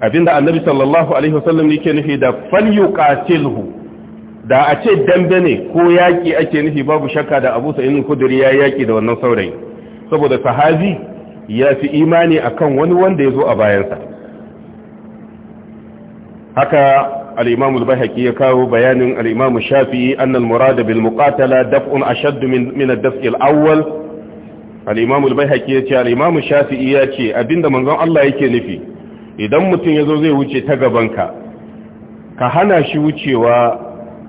abinda annabi sallallahu alaihi wasallam yake nufi da yuqatilhu da a ce dambe ne ko yaki ake nufi babu shakka da abu sa'idin kudiri ya yaki da wannan saurayi saboda sahabi ya fi imani akan wani wanda ya zo a bayansa haka al-imam al-bahaqi ya kawo bayanin al-imam shafi'i anna al-murad bil muqatala daf'un ashadd min min ad-daf'i awwal al-imam al-bahaqi ya ce al-imam shafi'i ya ce abinda manzon Allah yake nufi idan mutum yazo zai wuce ta gabanka ka hana shi wucewa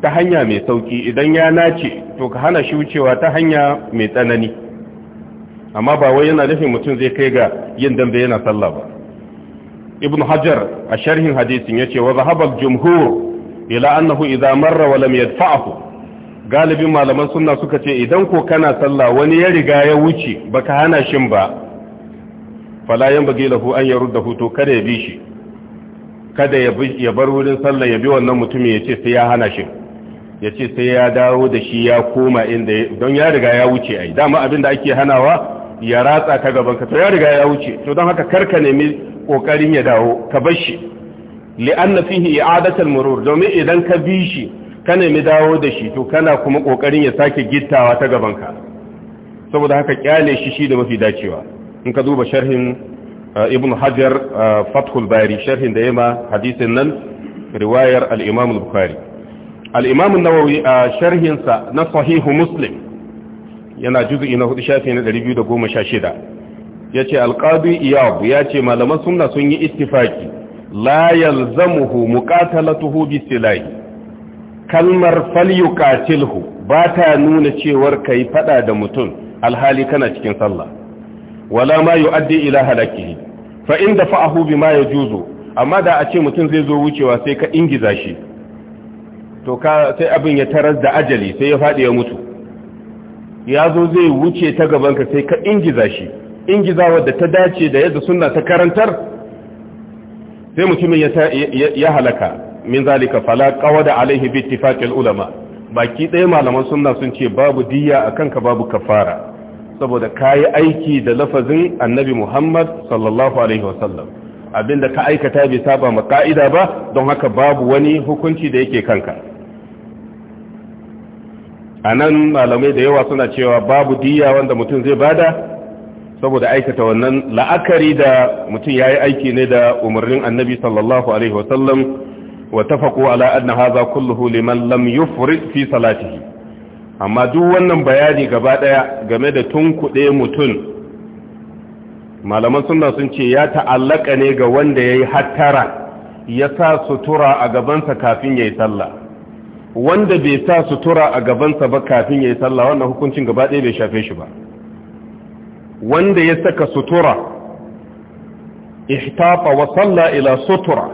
ta hanya mai sauki idan ya nace to ka hana shi wucewa ta hanya mai tsanani amma ba wai yana nufin mutum zai kai ga yin dambe yana sallah ba ibn hajar a sharhin hadisin ce wa zahabar jumhur ila annahu idza marra wa lam yadfa'hu galibin malaman sunna suka ce idan ko kana sallah wani ya riga ya wuce baka hana shin ba fala yanbaghi lahu an yaruddahu to kada ya bi shi kada ya bar wurin sallah ya bi wannan mutumin ya ce sai ya hana shi ya ce sai ya dawo da shi ya koma inda don ya riga ya wuce ai dama abin da ake hanawa ya ratsa ta gabanka ka to ya riga ya wuce to don haka karka nemi kokarin ya dawo ka bar shi li'anna fihi i'adatul murur domin idan ka bi shi ka nemi dawo da shi to kana kuma kokarin ya sake gittawa ta gabanka saboda haka kyale shi shi da mafi dacewa in ka duba sharhin uh, ibn hajar uh, fathul bari sharhin da yema hadisin nan riwayar al-imam al-bukhari al-imam an-nawawi a uh, sharhinsa na sahihu muslim yana juzu'i na hudu shafi na 216 yace iyawu iyab ce malaman suna sun yi ittifaki la zamuhu muqatalatuhu bisilahi kalmar falyukatilhu ba ta nuna cewar ka yi faɗa da mutum alhali kana cikin sallah wala ma addi ila halakki fa inda fa'ahu ya juzo, amma da a ce mutum zai zo wucewa sai ka ingiza shi to sai abin ya taras da ajali sai ya faɗi ya mutu ya zo zai wuce ta gabanka sai ka ingiza shi ingizawar da ta dace da yadda sunna ta karantar sai mutumin ya halaka min zalika fala kawada alaihi bi ittifaqil ulama baki ɗaya malaman sunna sun ce babu diyya akan ka babu kafara saboda kayi aiki da lafazin annabi Muhammad sallallahu alaihi wasallam abinda ka aikata bai saba ma ka'ida ba don haka babu wani hukunci da yake kanka a nan malamai da yawa suna cewa babu diya wanda mutum zai bada saboda aikata wannan la'akari da mutum ya yi aiki ne da umarnin annabi sallallahu alaihi wasallam wa tafaku ala anna haza kulluhu liman lam yufrid fi salatihi amma duk wannan bayani gaba ɗaya game da tun tunkuɗe mutum malaman sunna sun ce ya ta'allaka ne ga wanda yayi hattara ya sa sutura a gabansa kafin ya yi sallah wanda bai sa sutura a gabansa ba kafin ya yi sallah wannan hukuncin gaba ɗaya bai shafe shi ba wanda ya saka sutura ihtafa wa salla ila sutura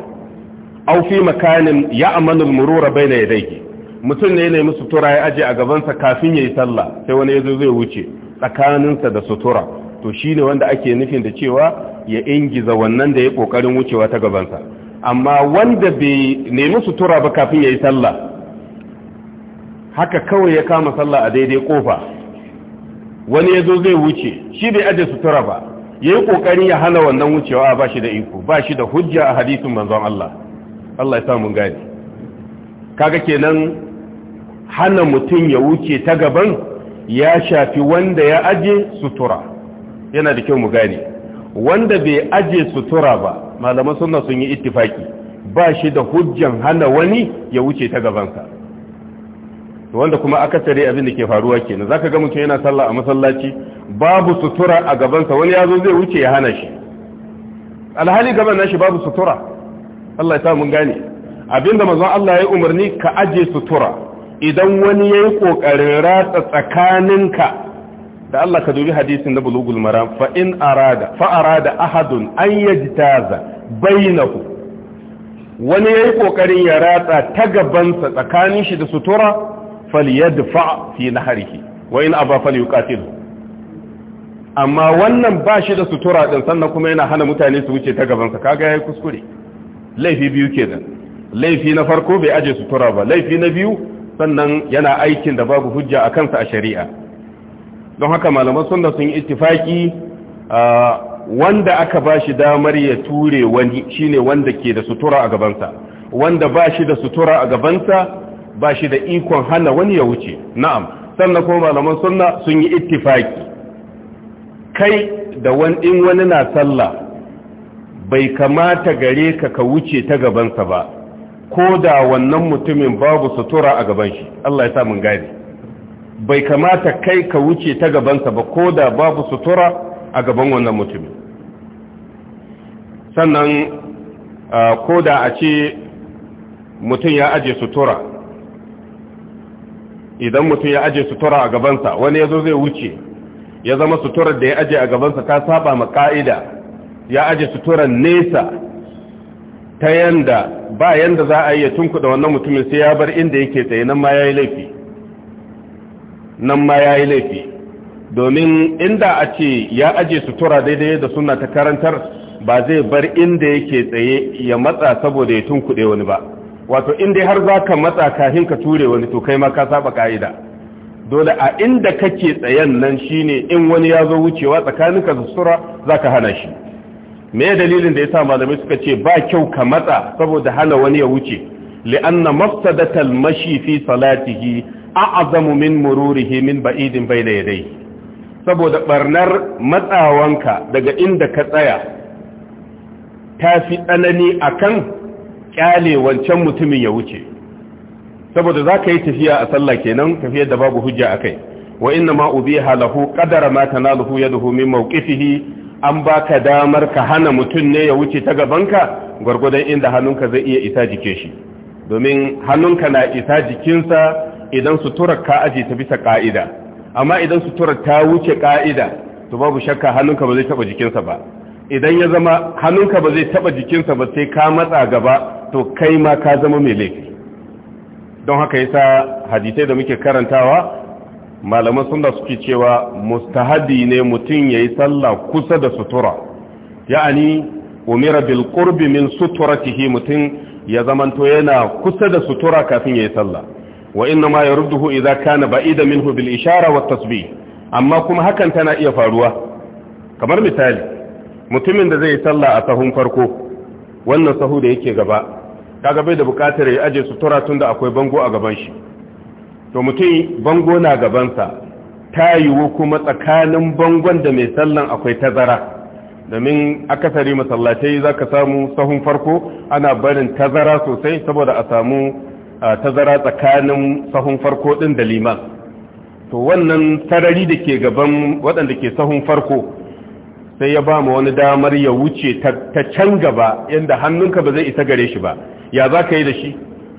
aw fi makanin ya'malu al-murura bayna yadayhi mutum ne ne sutura ya aje a gabansa kafin ya yi sallah sai wani yazo zai wuce tsakaninsa da sutura to shine wanda ake nufin da cewa ya ingiza wannan da ya kokarin wucewa ta gabansa amma wanda bai nemi sutura ba kafin ya yi sallah haka kawai ya kama sallah a daidai kofa wani ya zo zai wuce shi bai aje sutura ba ya yi ƙoƙari ya hana wannan wucewa ba shi da iko ba shi da hujja a hadisin manzon Allah Allah ya samun gani kaga kenan hana mutum ya wuce ta gaban ya shafi wanda ya aje sutura yana da kyau mu gane wanda bai aje sutura ba malaman sunna sun yi ittifaki ba shi da hujjan hana wani ya wuce ta gabansa to wanda kuma akasari abin da ke faruwa kenan zaka ga mutum yana sallah a masallaci babu sutura a gabansa wani yazo zai wuce ya hana shi alhali gaban nashi babu sutura Allah ya sa mun gane abinda manzon Allah ya umarni ka aje sutura idan wani yayi kokarin ratsa tsakaninka da Allah ka dubi hadisin na bulugul maram fa in arada fa arada ahadun an yajtaza bainahu wani yayi kokarin ya ratsa ta gabansa tsakanin shi da sutura falyadfa fi naharihi wa in aba falyuqatil amma wannan ba shi da sutura din sannan kuma yana hana mutane su wuce ta gaban sa kaga yayi kuskure laifi biyu kenan laifi na farko bai aje sutura ba laifi na biyu sannan yana aikin da babu hujja a kansa a shari'a don haka malaman sunna sun yi ittifaki wanda aka ba shi damar ya ture wani shine wanda ke da sutura a gabansa wanda ba shi da sutura a gabansa ba shi da ikon hana wani ya wuce na'am sannan kuma malaman sunna sun yi ittifaki kai da wani in wani na sallah bai kamata gare ka ka wuce ta gabansa ba ko da wannan mutumin babu sutura a gaban shi Allah ya sa mun gane bai kamata kai ka wuce ta gabansa ba ko da babu sutura a gaban wannan mutumin sannan ah, ko da a ce mutum ya aje sutura idan mutum ya aje sutura a gabansa wani ya zo zai wuce ya zama suturar da ya aje a gabansa ta saba ma ka'ida ya aje suturar nesa ta yanda ba yanda za a yi ya tunkuda wannan mutumin sai ya bar inda yake tsaye nan ma ya yi laifi nan ma ya yi laifi domin inda a ce ya aje sutura daidai da suna ta karantar ba zai bar inda yake tsaye ya matsa saboda ya tunkuɗe wani ba wato in dai har za ka matsa kafin ka ture wani to kai ma ka saba ka'ida dole a inda kake tsayen nan shine in wani ya zo wucewa tsakaninka da sura za ka hana shi me dalilin da ya sa malamai suka ce ba kyau ka matsa saboda hana wani ya wuce li'anna mafsadatal mashi fi salatihi a'zamu min mururihi min ba'idin bayna yadayhi saboda barnar matsawanka daga inda ka tsaya tafi fi tsanani akan kyale wancan mutumin ya wuce saboda za ka yi tafiya a sallah kenan tafiyar da babu hujja a kai wa inna ma ubi halahu qadara ma ya yaduhu min mawqifihi an baka damar ka hana mutum ne ya wuce ta gabanka gwargwadon inda hannunka zai iya isa jike shi domin hannunka na isa jikinsa idan suturar ka aje ta bisa ka'ida amma idan suturar ta wuce ka'ida to babu shakka hannunka ba zai taba jikinsa ba idan ya zama hannunka ba zai taba jikinsa ba sai ka matsa gaba to kai ma ka zama mai laifi don haka yasa hadisai da muke karantawa malaman sunna suke cewa mustahadi ne mutum yayi sallah kusa da sutura ya'ani umira bil qurbi min suturatihi mutum ya zamanto yana kusa da sutura kafin yayi sallah wa inna ma yarudduhu idza kana ba'ida minhu bil ishara wat tasbih amma kuma hakan tana iya faruwa kamar misali mutumin da zai yi sallah a sahun farko wannan sahu da yake gaba kaga bai da bukatar ya aje sutura tun da akwai bango a gaban shi to mutum bango na gabansa ta yiwu kuma tsakanin bangon da mai sallan akwai tazara domin akasari masallatai za ka samu sahun farko ana barin tazara sosai saboda a samu tazara tsakanin sahun farko din da liman to wannan sarari da ke gaban waɗanda ke sahun farko sai ya ba mu wani damar ya wuce ta can gaba yadda hannunka ba zai isa gare shi ba ya za ka yi da shi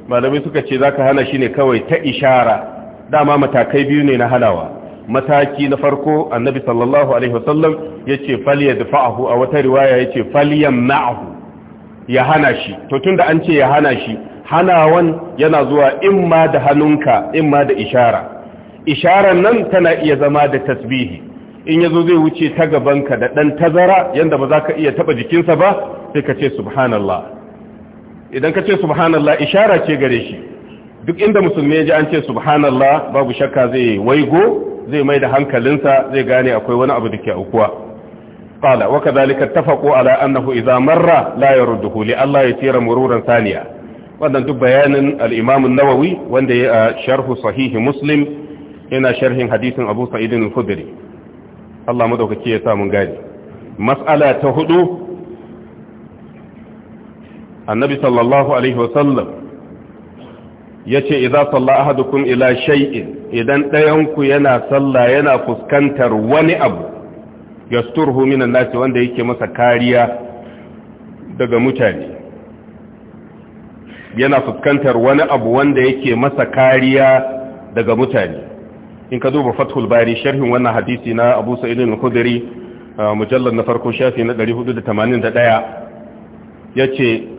malamai suka ce za ka hana shi ne kawai ta ishara dama matakai biyu ne na hanawa mataki na farko annabi sallallahu alaihi wasallam ya ce faliya dafa'ahu a wata riwaya ya ce faliyan ma'ahu ya hana shi to tun da an ce ya hana shi hanawan yana zuwa imma da hannunka imma da ishara isharar nan tana iya zama da tasbihi in yazo zai wuce ta gaban ka da dan tazara yanda ba za ka iya taba jikinsa ba sai ka ce subhanallah idan ka ce subhanallah ishara ce gare shi duk inda musulmi ya ji an ce subhanallah babu shakka zai waigo zai mai da hankalinsa zai gane akwai wani abu da ke aukuwa qala wa kadhalika tafaqu ala annahu idza marra la yarudduhu li Allah yatira mururan saniya wannan duk bayanin al-Imam an-Nawawi wanda ya uh, sharhu sahihin Muslim yana sharhin hadisin Abu Sa'id al-Khudri Allah madaukake ya sa mun gane mas'ala ta hudu annabi sallallahu alaihi wasallam ya ce idan salla ahadukum ila shay'in idan ɗayanku yana sallah yana fuskantar wani abu yasturhu minan nasi wanda yake masa kariya daga mutane yana fuskantar wani abu wanda yake masa kariya daga mutane in ka duba fathul bari sharhin wannan hadisi na abu sa'idin al-khudri uh, mujallad na farko shafi na 481 yace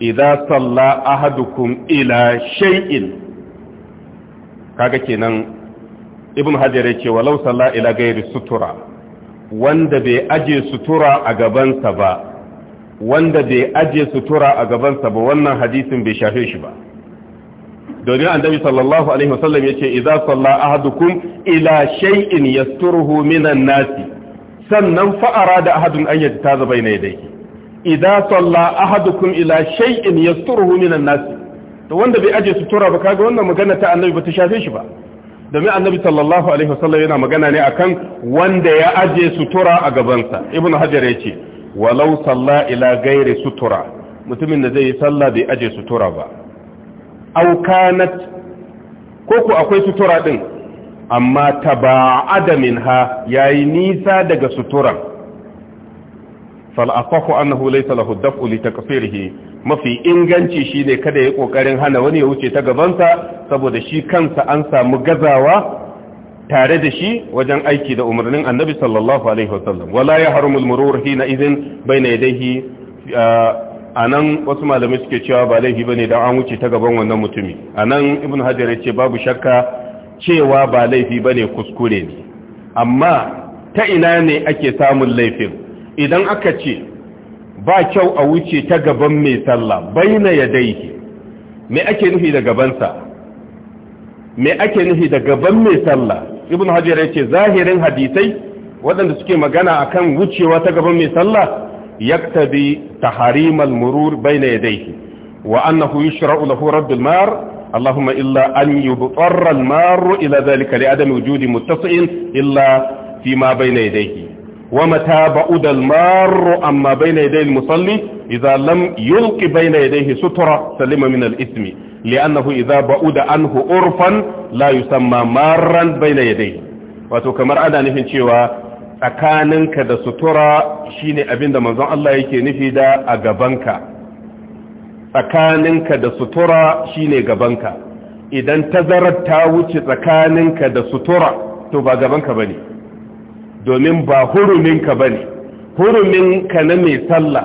idza salla ahadukum ila shay'in kaga kenan ibn hajar yake walau salla ila gairi sutura wanda bai aje sutura a gabansa ba wanda bai aje sutura a gabansa ba wannan hadisin bai shafe shi ba domin annabi sallallahu alaihi wasallam yace idza salla ahadukum ila shay'in yasturuhu minan nasi sannan fa arada ahadun an yajtaza bayna yadayhi idan salla ahadukum ila shay'in yasturuhu minan nas to wanda bai aje sutura ba kaga wannan magana ta annabi ba ta shafe shi ba domin annabi sallallahu alaihi wasallam yana magana ne akan wanda ya aje sutura a gabansa ibnu hajar yace walau salla ila ghairi sutura mutumin da zai yi sallah bai aje sutura ba aw kanat ko ku akwai sutura din amma taba'ada minha yayi nisa daga suturan fal'afahu annahu laysa lahu daf'u li takfirihi mafi inganci shine kada ya kokarin hana wani ya wuce ta gabansa saboda shi kansa an samu gazawa tare da shi wajen aiki da umarnin annabi sallallahu alaihi wasallam wala ya harumul murur hina idin bayna yadayhi anan wasu malamai suke cewa ba laifi bane dan an wuce ta gaban wannan mutumi anan ibnu hajar yace babu shakka cewa ba laifi bane kuskure ne amma ta ina ne ake samun laifin idan aka ce ba kyau a wuce ta gaban mai sallah ya yadayhi me ake nufi da gabansa me ake nufi da gaban mai sallah ibn ya ce zahirin hadisai waɗanda suke magana a kan wucewa ta gaban mai sallah yaktabi taharimal murur baina yadayhi wa annahu yushra'u lahu raddul mar اللهم إلا أن يضطر المار إلى ذلك لعدم وجود متسع إلا فيما بين يديه wa ba'u ba'udal marru amma bayna yadayil musalli idza lam yulqi bayna yadayhi sutra salima min al-ithmi li'annahu idza ba'uda anhu urfan la yusamma marran bayna yadayhi wato kamar ana nufin cewa tsakaninka da sutura shine abinda manzon Allah yake nufi da a gabanka tsakaninka da sutura shine gabanka idan tazarar ta wuce tsakaninka da sutura to ba gabanka bane domin ba huruminka ba ne huruminka na mai sallah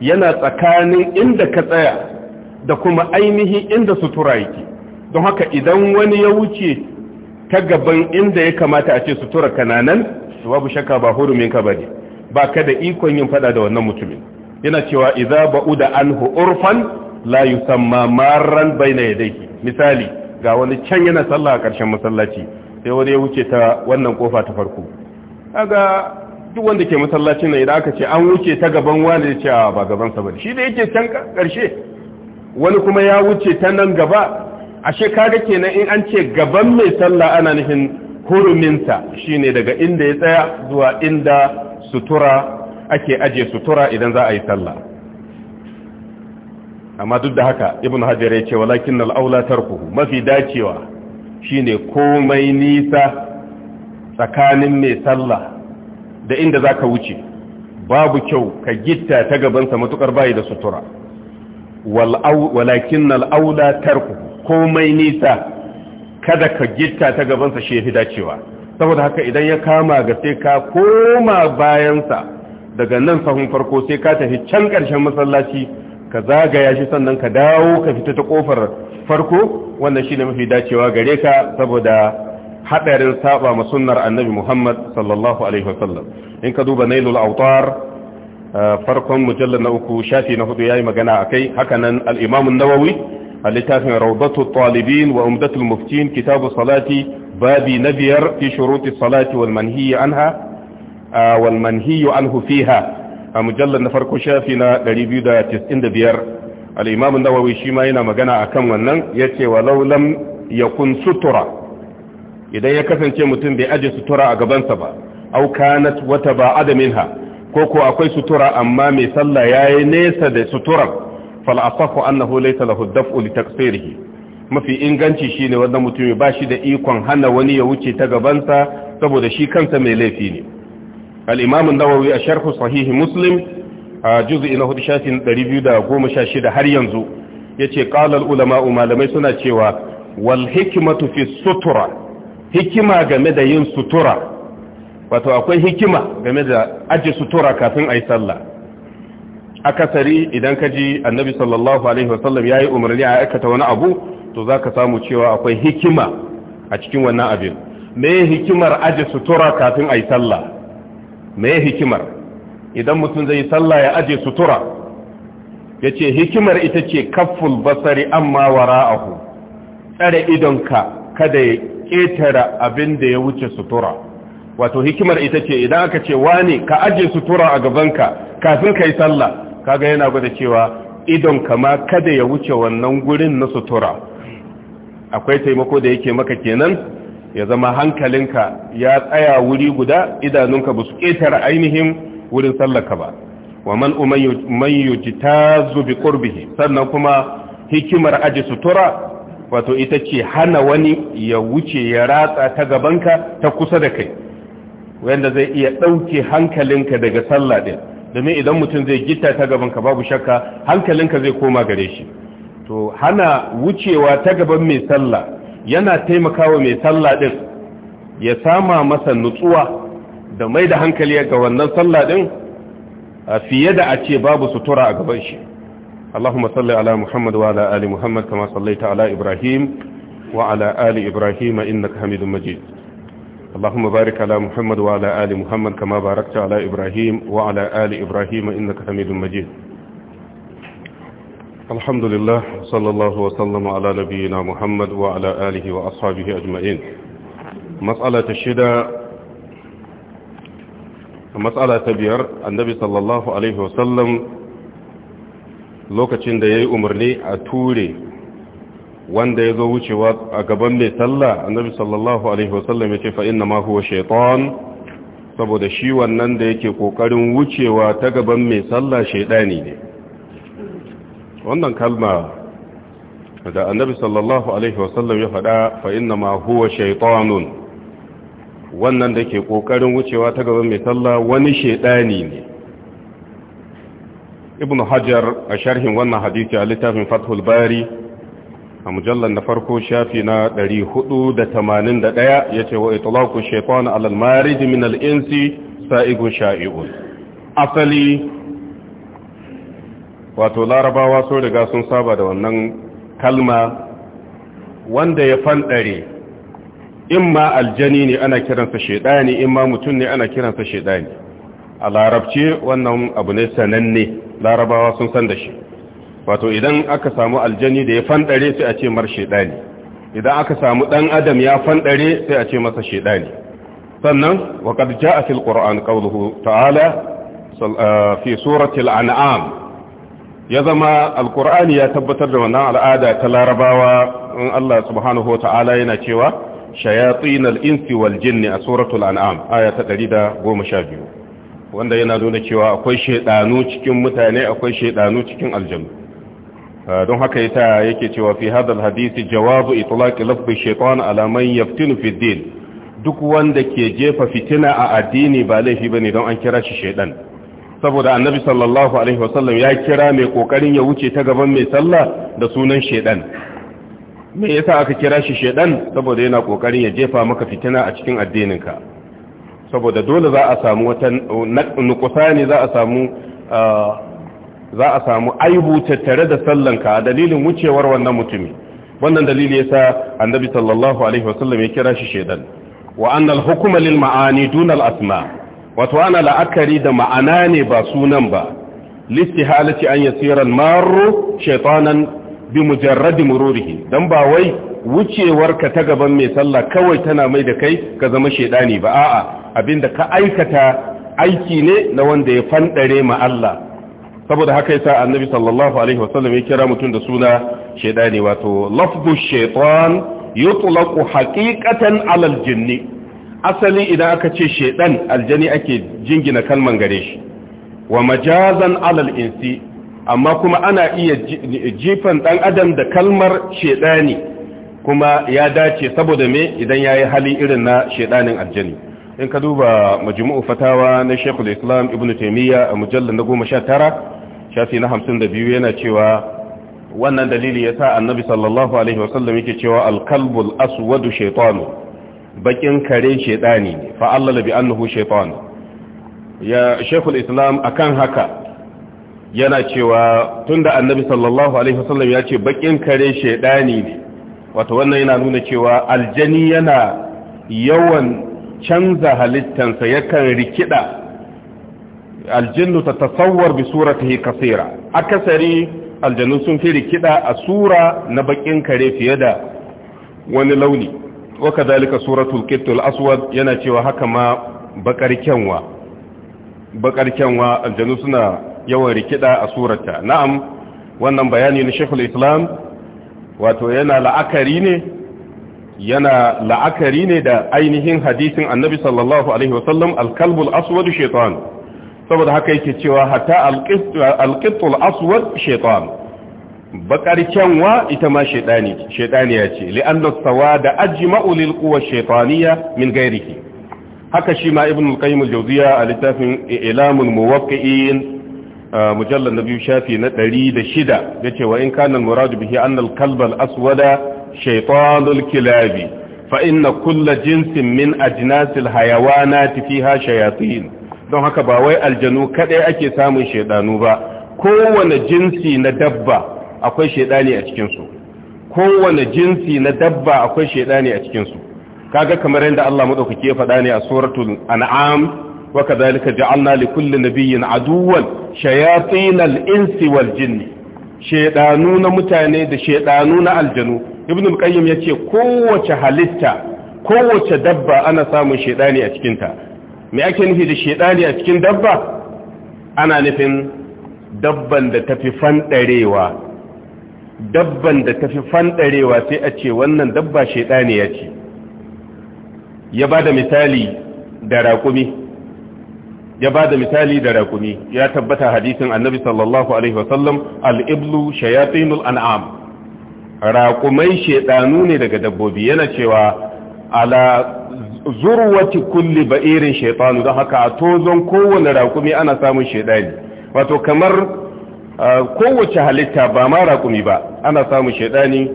yana tsakanin inda ka tsaya da kuma ainihin inda sutura yake don haka idan wani ya wuce ta gaban inda ya kamata a ce sutura kananan babu shaka ba huruminka ba ne ba ka da ikon yin fada da wannan mutumin yana cewa iza uda uda anhu urfan la bai na bayna yadayhi misali ga wani can yana sallah a ƙarshen masallaci sai wani ya wuce ta wannan kofa ta farko kaga duk wanda ke masallacin nan idan aka ce an wuce ta gaban wani ya ce ah, ba gaban sa bane shi da yake can karshe wani kuma ya wuce ta nan gaba ashe kaga kenan in an ce gaban mai sallah ana nufin huruminsa shine daga inda ya tsaya zuwa inda sutura ake aje sutura idan za a yi sallah amma duk da haka ibn hajar ya ce walakin al-aula tarkuhu mafi dacewa shine komai nisa tsakanin mai sallah da inda za ka wuce babu kyau ka gitta ta gabansa matukar bayi da sutura walakin al'aula tarku komai nisa kada ka gitta ta gabansa shi ya fi dacewa saboda haka idan ya kama ga sai ka koma bayansa daga nan sahun farko sai ka tafi can ƙarshen masallaci ka zagaya shi sannan ka dawo ka fita ta ƙofar farko wannan shi ne mafi dacewa gare ka saboda hadarin saba ma sunnar annabi Muhammad sallallahu alaihi wasallam in ka duba nailul autar eh, farkon mujallar na uku shafi na hudu yayi magana akai hakanan al-imam an-nawawi a littafin rawdatu talibin wa umdatul muftin kitabu salati babi na biyar fi shuruti salati wal manhiya anha eh, wal manhiyu anhu fiha a mujallar na farko shafi na 295 al'imamun nawawi shi ma yana magana a kan wannan ya ce walau lam ya sutura idan ya kasance mutum bai aje sutura a gabansa ba au kanat wata ba'ada minha ko ko akwai sutura amma mai sallah yayi nesa da suturan fal asafu annahu laysa lahu daf'u li mafi inganci shine wannan mutumi ba shi da ikon hana wani ya wuce ta gabansa saboda shi kansa mai laifi ne al-imam nawawi a sharhu sahihi muslim a goma sha shida har yanzu yace ce al ulama'u malamai suna cewa wal hikimatu fi sutura hikima game da yin sutura wato akwai hikima game da aje sutura kafin a yi sallah akasari idan ka ji annabi sallallahu alaihi wasallam ya yi umarni a aikata wani abu to za ka samu cewa akwai hikima a cikin wannan abin me hikimar aje sutura kafin a yi sallah me hikimar idan mutum zai yi sallah ya aje sutura ya ce hikimar ita ce kafful basari amma wara'ahu tsare idonka kada ƙetara abin da ya wuce sutura wato hikimar ita ce idan aka ce wani ka aje sutura a gaban ka kafin ka yi sallah kaga yana gwada cewa idon kama kada ya wuce wannan gurin na sutura akwai taimako da yake maka kenan ya zama hankalinka ya tsaya wuri guda idanunka ba su ƙetara ainihin wurin sallarka ba wa man umayyu man yujtazu bi qurbihi sannan kuma hikimar aje sutura wato ita ce hana wani ya wuce ya ratsa ta gabanka ta kusa da kai wanda zai iya ɗauke hankalinka daga sallah ɗin domin idan mutum zai gita ta gabanka babu shakka hankalinka zai koma gare shi to hana wucewa ta gaban mai sallah yana taimakawa mai sallah ɗin ya sama masa nutsuwa da mai da hankali ga wannan sallah ɗin fiye da a ce babu sutura a gaban shi اللهم صل على محمد وعلى آل محمد كما صليت على إبراهيم وعلى آل إبراهيم إنك حميد مجيد اللهم بارك على محمد وعلى آل محمد كما باركت على إبراهيم وعلى آل إبراهيم إنك حميد مجيد الحمد لله صلى الله وسلم على نبينا محمد وعلى آله وأصحابه أجمعين مسألة الشدة مسألة تبير النبي صلى الله عليه وسلم lokacin da ya yi umarni a ture wanda ya zo wucewa a gaban mai sallah annabi sallallahu alaihi wasallam ya ce fa’in na mahu huwa shaitan saboda shi wannan da yake kokarin wucewa ta gaban mai sallah shaidani ne wannan kalma da annabi sallallahu alaihi wasallam ya faɗa fa’in na mahu huwa shaitanun wannan da ke kokarin wucewa ta gaban mai sallah wani shaidani ne ibn hajar a sharhin wannan hadisi a littafin fathul bari a mujallar na farko shafi na 481 ya ce wa itulaku shaitan al-marij insi sa'igun sha'i'un asali wato larabawa sun riga sun saba da wannan kalma wanda ya fanɗare in ma aljani ne ana kiransa shaidani in ma mutum ne ana kiransa shaidani a larabci wannan abu ne sananne larabawa sun san da shi wato idan aka samu aljani da ya fandare sai a ce mar shedani idan aka samu dan adam ya fandare sai a ce masa shedani sannan waqad jaa fil qur'an qawluhu ta'ala ah, fi surati al-an'am ya zama alqur'ani ya tabbatar da wannan al'ada ta larabawa in Allah subhanahu wa ta'ala yana cewa shayatin al-insi wal jinni a suratul an'am aya ta 112 wanda yana nuna cewa akwai shaidanu cikin mutane akwai shaidanu cikin aljanu ah, don haka yasa yake cewa fi hadal hadisi jawabu itlaqi lafzi shaytan ala man yaftinu fi din duk wanda ke jefa fitina a addini ba laifi bane don an kira shi shaidan saboda annabi sallallahu alaihi wasallam ya kira mai kokarin ya wuce ta gaban mai sallah da sunan shaidan me yasa aka kira shi shaidan saboda yana kokarin ya jefa maka fitina a cikin addininka saboda dole za a samu wata nukusani za a samu za a samu aibu tattare da sallanka a dalilin wucewar wannan mutumi wannan dalili yasa annabi sallallahu alaihi wasallam ya kira shi shaidan. wa annal hukuma lil ma'ani dun al asma wato ana la'akari da ma'ana ne ba sunan ba listihalati an yasira al marru shaytanan bi mujarradi mururihi dan ba wai wucewarka ta gaban mai sallah kawai tana mai da kai ka zama shedani ba a'a abinda ka aikata aiki ne na wanda ya fandare ma Allah saboda haka yasa annabi sallallahu alaihi wasallam ya kira mutum da suna shedani wato lafzu shaytan yutlaqu haqiqatan ala aljinni asali idan aka ce shedan aljani ake jingina kalman gare shi wa majazan alal insi amma kuma ana iya jifan dan adam da kalmar shedani kuma ya dace saboda me idan yayi hali irin na shedanin aljani in ka duba majmu'u fatawa na Sheikhul Islam Ibn Taymiyyah a mujallal na 19 shafi na 52 yana cewa wannan dalili yasa annabi sallallahu alaihi wasallam yake cewa al-kalbul aswadu shaytanu bakin kare shedani ne fa Allah bi annahu shaytan ya Sheikhul Islam akan haka yana cewa da annabi sallallahu alaihi wasallam ya ce bakin kare shedani ne wato wannan yana nuna cewa aljani yana yawan canza halittansa yakan rikida aljinnu ta tasawwar bi suratihi kasira akasari aljannu sun fi rikida a sura na bakin kare fiye da wani launi waka dalika suratul kitul aswad yana cewa haka ma bakar kyanwa bakar kyanwa aljannu suna yawan rikida a surarta na'am wannan bayani na shekul islam wato yana la'akari ne yana la'akari ne da ainihin hadisin annabi sallallahu alaihi wasallam alkalbul aswad shaitan saboda haka yake cewa hatta alqittul aswad shaitan bakar kyanwa ita ma shaitani shaitaniya ce li'anna sawada ajma'u lil quwwa shaitaniyya min ghairihi haka shi ma ibn al-qayyim al a littafin ilamul muwaqqi'in mujallar na biyu shafi na ɗari da shida ya ce wa in kanan muradu bihi annal kalbal aswada shaitanul kilabi fa inna kulla jinsin min ajnasil hayawana fiha shayatin don haka ba wai aljanu kadai ake samun shaidanu ba kowane jinsi na dabba akwai shaidani a cikin kowane jinsi na dabba akwai ne a cikinsu su kaga kamar yadda Allah ma ya faɗa ne a suratul an'am wa kadhalika ja'alna li kulli nabiyyin aduwwan shayatin al-insi wal jinni shedanu na mutane da shedanu na aljanu ibn al-qayyim yace kowace halitta kowace dabba ana samun shedani a cikin ta me ake nufi da shedani a cikin dabba ana nufin dabban da tafi fandarewa dabban da tafi fanɗarewa sai a ce wannan dabba shedani ya ce ya bada misali da raƙumi ya ba da misali da rakumi ya tabbata hadisin annabi sallallahu alaihi wasallam al-iblu shayatinul an'am rakumai shedanu ne daga dabbobi yana cewa ala zurwati kulli ba'irin shaytanu don haka a tozon kowane rakumi ana samun shedani wato kamar kowace halitta ba ma rakumi ba ana samun shedani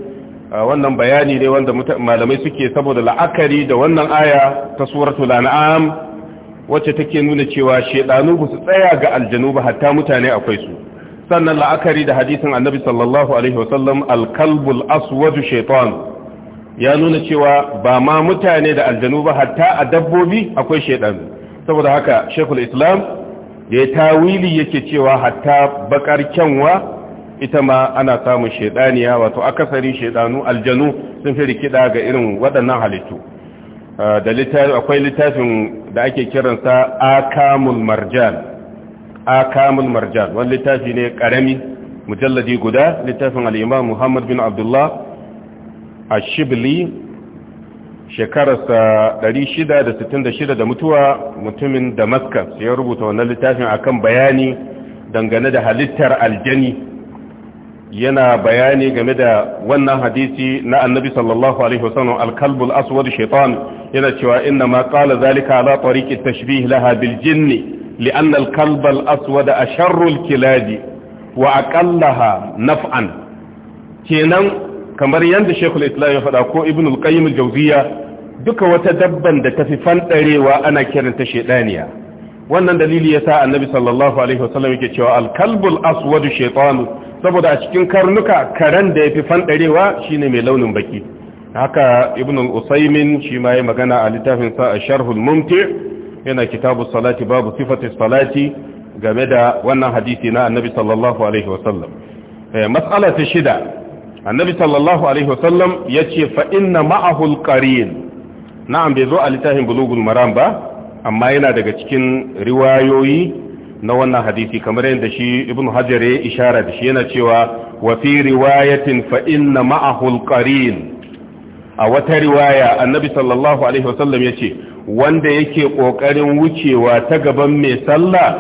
wannan bayani ne wanda malamai suke saboda la'akari da wannan aya ta suratul an'am wacce take nuna cewa shedanu ba su tsaya ga aljanu ba hatta mutane akwai su sannan la'akari da hadisin annabi sallallahu alaihi wasallam alkalbul aswadu shaitan ya nuna cewa ba ma mutane da aljanu ba hatta a dabbobi akwai shaitan saboda haka shekul islam ya tawili yake cewa hatta bakar kyanwa ita ma ana samun shaitaniya wato akasari shaitanu aljanu sun fi rikida ga irin waɗannan halittu Ah, akwai littafin da ake kiransa akamul marjan akamul marjan wani littafi ne karami mujalladi guda littafin al'imam muhammad bin abdullah a shibli shekararsa 666 da mutuwa mutumin damascus ya rubuta wannan littafin akan bayani dangane da halittar aljani yana bayani game da wannan hadisi na annabi sallallahu alaihi wasallam al aswad shaitan yana cewa inna ma qala zalika ala tariqi tashbih laha bil jinn li'anna al-kalb aswad asharru al-kiladi wa aqallaha naf'an kenan kamar yanda shaykhul islam ya faɗa ko ibn al-qayyim duka wata dabban da tafi fandarewa ana kiranta shedaniya wannan dalili ya sa annabi sallallahu alaihi wasallam yake cewa kalbul aswadu shaitanu saboda a cikin karnuka karen da ya fi fanɗarewa shine mai launin baki haka ibn al-usaymin shi ma ya magana a littafin sa sharhul mumti yana kitabu salati babu sifati salati game da wannan hadisi na annabi sallallahu alaihi wasallam eh, mas'ala ta shida annabi sallallahu alaihi wasallam yace fa inna ma'ahu qarin na'am bai zo a littafin bulugul maram ba amma yana daga cikin riwayoyi na wannan hadisi kamar yadda shi ibn hajar ya ishara da shi yana cewa wa fi riwayatin fa inna ma'ahu alqarin a wata riwaya annabi sallallahu alaihi wasallam yace wanda yake kokarin wucewa ta gaban mai sallah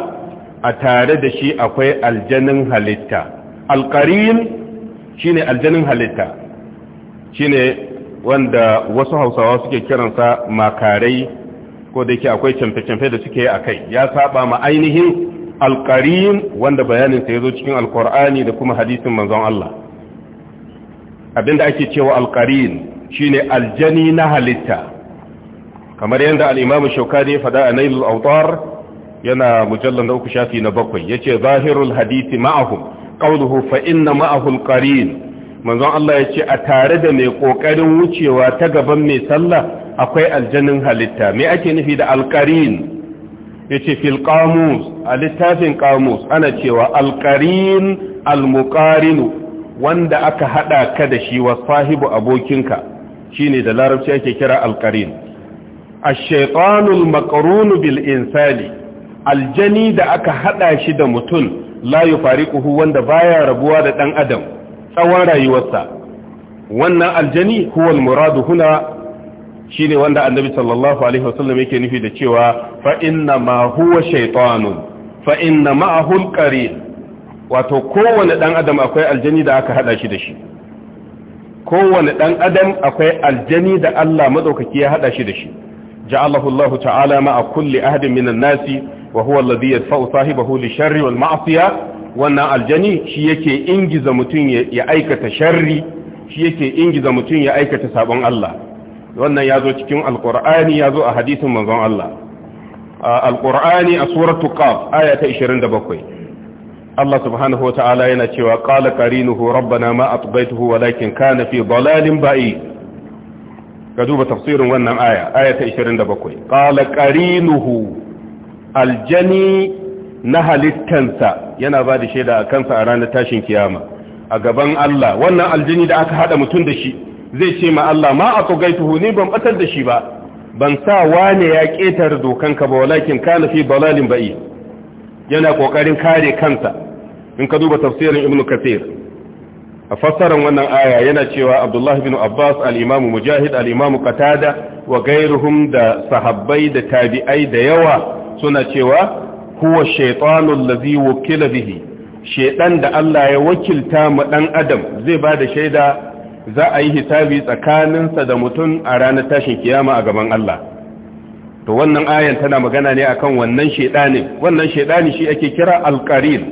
a tare da shi akwai aljanin halitta alqarin shine aljanin halitta shine wanda wasu hausawa suke kiransa makarai ko da yake akwai camfe-camfe da suke a kai ya saba ma ainihin alkarim wanda bayaninsa ya zo cikin alkur'ani da kuma hadisin manzon Allah abinda ake cewa alkarin shine aljani na halitta kamar yadda al'imamu shaukani fada a nailul autar yana mujallar da uku shafi na bakwai ya ce zahirul hadisi ma'ahum ƙaunuhu fa'in na ma'ahul karin manzon Allah ya ce a tare da mai ƙoƙarin wucewa ta gaban mai sallah akwai aljanin halitta mai ake nufi da alƙarin ya ce a littafin ƙamus ana cewa alƙarin almuƙarinu wanda aka haɗa ka da shi wa sahibu abokinka shi ne da larabci ake kira alƙarin a shaiƙanul makarunu bil aljani da aka haɗa shi da mutum fari ƙuhu wanda baya rabuwa da ɗan adam tsawon rayuwarsa wannan aljani huwal muradu huna shine wanda annabi sallallahu alaihi wasallam yake nufi da cewa fa inna ma huwa shaytanun fa inna ma'ahu alqarin wato kowane dan adam akwai aljani da aka hada shi da shi kowane dan adam akwai aljani da Allah madaukaki ya hada shi da shi ja'alahu Allah ta'ala ma'a kulli ahadin minan nasi wa huwa alladhi yadfa'u sahibahu li sharri wal ma'siyah wannan aljani shi yake ingiza mutum ya aikata sharri shi yake ingiza mutum ya aikata sabon Allah wannan ya zo cikin alkur'ani ya zo a hadisin manzon Allah alkur'ani a suratu qaf aya ta 27 Allah subhanahu wata'ala ta'ala yana cewa qala qarinuhu rabbana ma atbaytuhu walakin kana fi dalalin ba'i ka duba tafsirin wannan aya aya 27 qala qarinuhu aljani na halittansa yana ba da shaida a kansa a ranar tashin kiyama a gaban Allah wannan aljini da aka hada mutum da shi zai ce ma Allah ma aka tugaituhu ni ban batar da shi ba ban sa wane ya ketar dokanka ba walakin kana fi dalalin ba'i yana kokarin kare kansa in ka duba tafsirin ibnu kathir a fassarar wannan aya yana cewa Abdullah ibn Abbas al-Imam Mujahid al-Imam Qatada wa gairuhum da sahabbai da tabi'ai da yawa suna cewa huwa shaitanun lazi wakila bihi shaitan da Allah ya wakilta mu dan adam zai ba da shaida za a yi hisabi tsakaninsa da mutum a ranar tashin kiyama a gaban Allah to wannan ayan tana magana ne akan wannan shaitanin wannan shaitani shi ake kira alqarin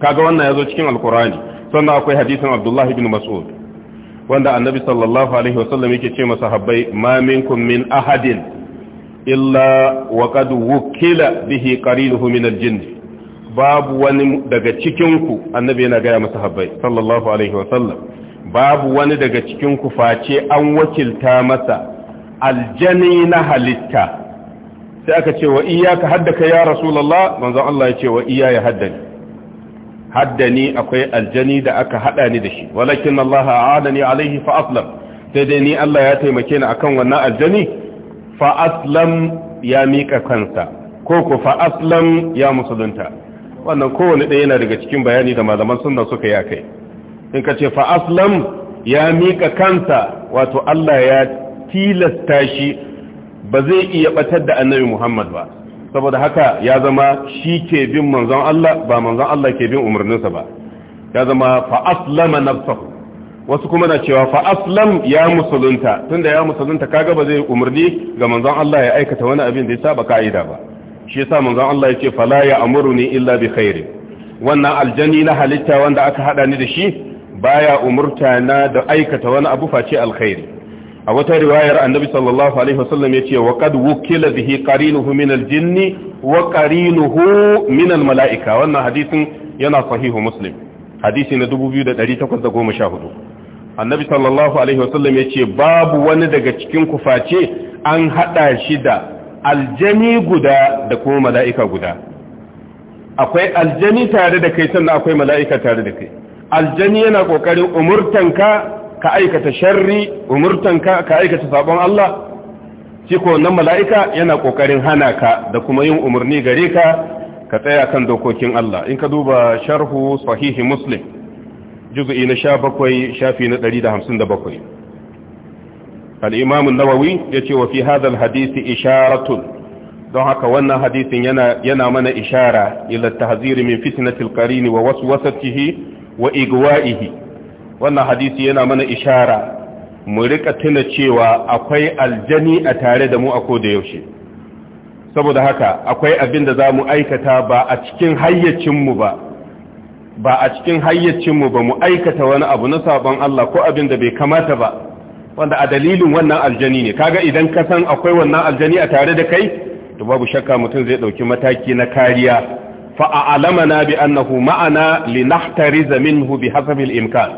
kaga wannan yazo cikin alqurani sannan akwai hadisin Abdullah ibn Mas'ud wanda annabi sallallahu alaihi wasallam yake ce masahabbai ma minkum min ahadin illa wa qad wukila bihi qarinuhu min al-jinn babu wani daga cikinku. annabi yana gaya masa habbai sallallahu alaihi wa sallam babu wani daga cikinku face an wakilta masa aljani na halitta sai aka ce wa iyaka haddaka ya rasulullah manzon Allah ya ce wa iyaya haddani haddani akwai aljani da aka hada ni da shi walakin Allah a'adani alaihi fa aslam sai dai ni Allah ya taimake ni akan wannan aljani fa'aslam ya mika kansa ko ko ya musulunta wannan kowane ɗaya yana daga cikin bayani da malaman suna suka yi kai in ka ce fa'aslam ya mika kansa wato Allah ya tilasta shi ba zai iya batar da annabi Muhammad ba saboda haka ya zama shi ke bin manzon Allah ba manzon Allah ke bin umarninsa ba ya zama fa na nafsahu wasu kuma na cewa fa aslam ya musulunta tunda ya musulunta kaga ba zai umarni ga manzon Allah ya aikata wani abin da ya saba ka'ida ba shi yasa manzon Allah ya ce fala ya amuruni illa bi khairi wannan aljani na halitta wanda aka hada ni da shi baya umurta na da aikata wani abu face alkhairi a wata riwayar annabi sallallahu alaihi wasallam yace wa qad wukila bihi qarinuhu min aljinni wa qarinuhu min almalaika wannan hadisin yana sahihu muslim hadisi na 2814 annabi sallallahu alaihi wasallam ya ce babu wani daga cikin kuface an hada shi da aljani guda da kuma mala'ika guda akwai aljani tare da kai sannan akwai mala'ika tare da kai aljani yana ƙoƙarin umurtanka ka aikata sharri umurtanka ka aikata sabon Allah shi ko wannan mala'ika yana ƙoƙarin hana ka da kuma yin umarni gare ka ka tsaya kan dokokin Allah in ka duba sharhu sahihi muslim juz'i na bakwai shafi na 157 al-imam an-nawawi ce wa fi hadha hadisi isharatun don haka wannan hadisin yana mana ishara ila tahzir min fitnatil qarin wa waswasatihi wa igwa'ihi wannan hadisi yana mana ishara mu rika tuna cewa akwai aljani a tare da mu a koda yaushe saboda haka akwai abin da za mu aikata ba a cikin hayyacinmu ba ba a cikin hayyacinmu ba mu aikata wani abu na sabon Allah ko abin da bai kamata ba wanda a dalilin wannan aljani ne kaga idan ka san akwai wannan aljani a tare da kai to babu shakka mutum zai dauki mataki na kariya fa a'lamana bi annahu ma'ana linahtariz minhu bi hasabil imkan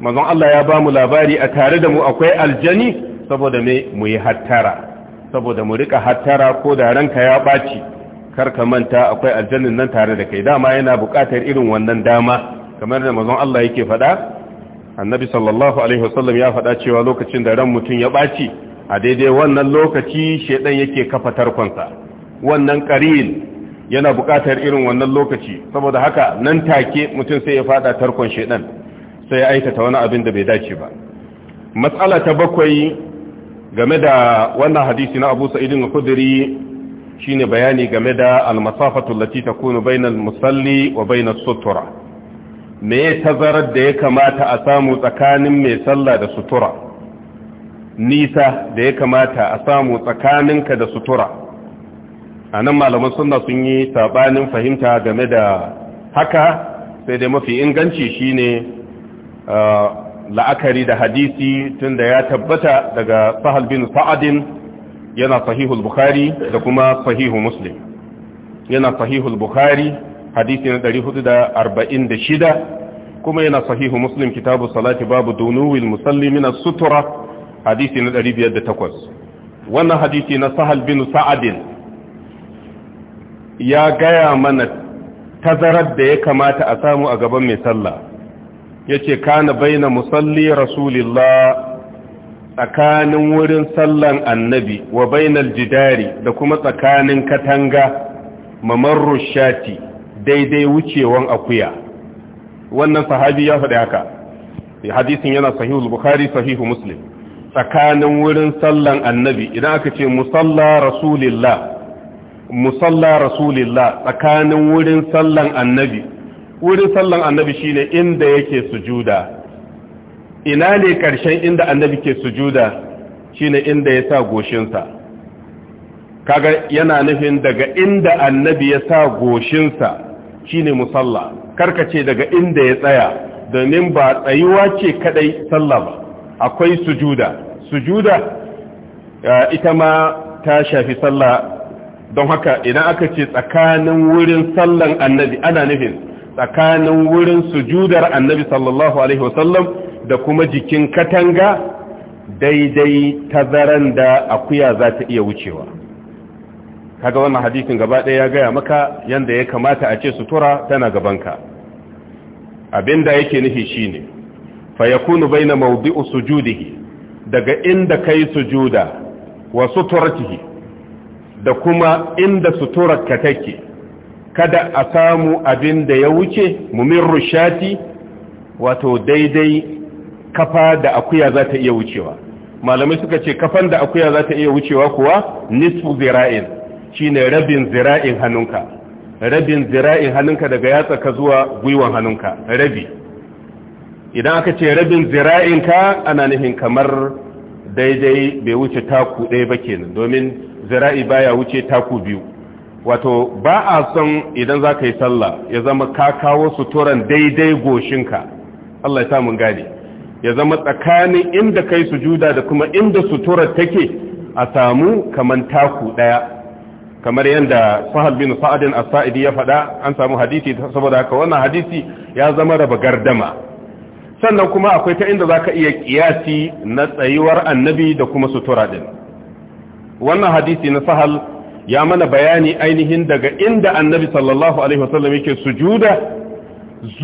manzon Allah ya bamu labari a tare da mu akwai aljani saboda me mu yi hattara saboda mu rika hattara ko da ranka ya baci kar ka manta akwai aljannin nan tare da kai dama yana buƙatar irin wannan dama kamar da mazan Allah yake faɗa annabi sallallahu alaihi wasallam ya faɗa cewa lokacin da ran mutum ya ɓaci a daidai wannan lokaci shedan yake kafa tarkonsa wannan qaril yana buƙatar irin wannan lokaci saboda haka nan take mutum sai ya faɗa tarkon shedan sai ya aikata wani abin da bai dace ba mas'ala ta bakwai game da wannan hadisi na Abu Sa'id al-Khudri shine bayani game da almasafatu lati takunu bainal musalli wa bainas sutura me tazarar da ya kamata a samu tsakanin mai sallah da sutura nisa da ya kamata a samu tsakaninka da sutura anan malaman sunna sun yi sabanin fahimta game da haka sai dai mafi inganci shine ah, la'akari da hadisi tunda ya tabbata daga sahal bin sa'adin yana sahihul bukhari da kuma sahihu muslim yana sahihul bukhari hadisi na 446 kuma yana sahihu muslim kitabu salati babu dunuwil musalli min sutura hadisi na 508 wannan hadisi na sahal bin sa'adin ya gaya mana tazarar da ya kamata a samu a gaban mai sallah yace kana baina musalli rasulillah tsakanin wurin sallan annabi wa bainal jidari da kuma tsakanin katanga mamarru shati daidai wucewan akuya wannan sahabi ya faɗi haka hadisin yana sahihu bukhari sahihu muslim tsakanin wurin sallan annabi idan aka ce musalla rasulillah musalla rasulillah tsakanin wurin sallan annabi wurin sallan annabi shine inda yake sujuda ina ne karshen inda annabi ke sujuda shine inda ya sa goshinsa kaga yana nufin daga inda annabi ya sa goshinsa shine musalla karkace daga inda ya tsaya domin ba tsayuwa ce kadai sallah ba akwai sujuda sujuda ita ma ta shafi sallah don haka idan aka ce tsakanin wurin sallan annabi ana nufin tsakanin wurin sujudar annabi sallallahu alaihi wasallam da kuma jikin katanga daidai tazaran da akuya za ta iya wucewa kaga wannan hadisin gaba ɗaya ya gaya maka yanda ya kamata a ce sutura tana gabanka abinda yake nufi shine fa yakunu baina mawdi'u sujudihi daga inda kai sujuda wa suturatihi da kuma inda ka take kada a samu abin da ya wuce mumirru shati wato daidai kafa da akuya za ta iya wucewa malamai suka ce kafan da akuya za ta iya wucewa kuwa nisfu zira'in shine rabin zira'in hannunka rabin zira'in hannunka daga yatsa ka zuwa gwiwan hannunka rabi idan aka ce rabin zira'in ka ana nufin kamar daidai bai wuce taku ɗaya ba kenan domin zira'i baya wuce taku biyu wato ba a son idan za ka yi sallah ya zama ka kawo suturan daidai goshinka Allah ya samun gane ya zama tsakanin inda kai sujuda da kuma inda sutura take a samu kaman taku daya kamar yadda sahal bin sa'adin as-sa'idi ya faɗa an samu hadisi saboda haka wannan hadisi ya zama raba gardama sannan kuma akwai ta inda zaka iya kiyasi na tsayuwar annabi da kuma sutura din wannan hadisi na sahal ya mana bayani ainihin daga inda annabi sallallahu alaihi wasallam yake sujuda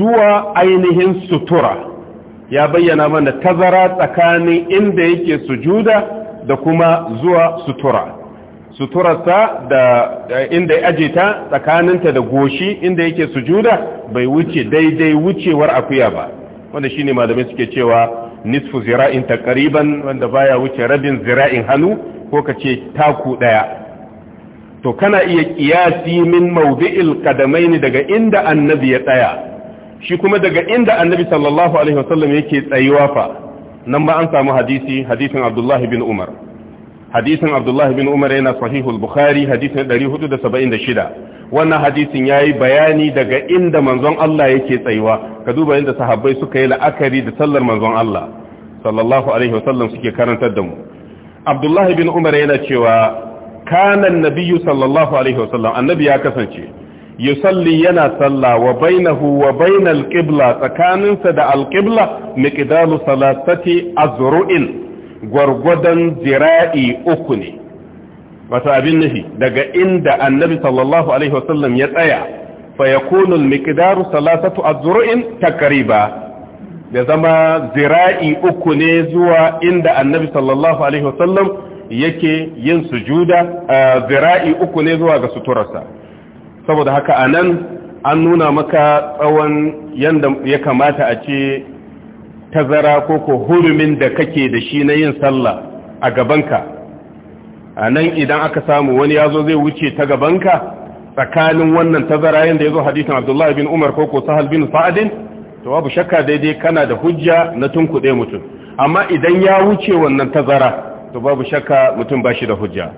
zuwa ainihin sutura ya bayyana mana tazara tsakanin inda yake sujuda da kuma zuwa sutura suturarsa da inda ya aje ta tsakaninta da goshi inda yake sujuda bai wuce daidai wucewar akuya ba wanda shine malamai suke cewa nisfu zira'in taqriban wanda baya wuce rabin zira'in hannu ko kace taku ɗaya. to kana iya kiyasi min mawdi'il ne daga inda annabi ya tsaya shi kuma daga inda annabi sallallahu alaihi wasallam yake tsayuwa fa nan ba an samu hadisi hadisin abdullahi bin umar hadisin abdullahi bin umar yana sahihul bukhari hadisin 476 wannan hadisin yayi bayani daga inda manzon Allah yake tsayuwa ka duba inda sahabbai suka yi la'akari da sallar manzon Allah sallallahu alaihi wasallam suke karantar da mu abdullahi bin umar yana cewa kana annabiyyu sallallahu alaihi wasallam annabi ya kasance yusalli yana salla wa bainahu wa bainal qibla tsakaninsa da alqibla miqdalu salatati azru'in gwargwadon jira'i uku ne wato abin nufi daga inda annabi sallallahu alaihi wasallam ya tsaya fa yakunu almiqdaru salatatu azru'in takriba ya zama zira'i uku ne zuwa inda annabi sallallahu alaihi wasallam yake yin sujuda zira'i uku ne zuwa ga suturarsa saboda haka a nan an nuna maka tsawon yadda ya kamata a ce tazara ko ko hurumin da kake da shi na yin sallah a gabanka a nan idan aka samu wani ya zo zai wuce ta gabanka tsakanin wannan tazara yadda ya zo hadisin abdullahi bin umar ko ko sahal bin sa'adin to babu shakka daidai kana da hujja na tunkuɗe mutum amma idan ya wuce wannan tazara to babu shakka mutum ba shi da hujja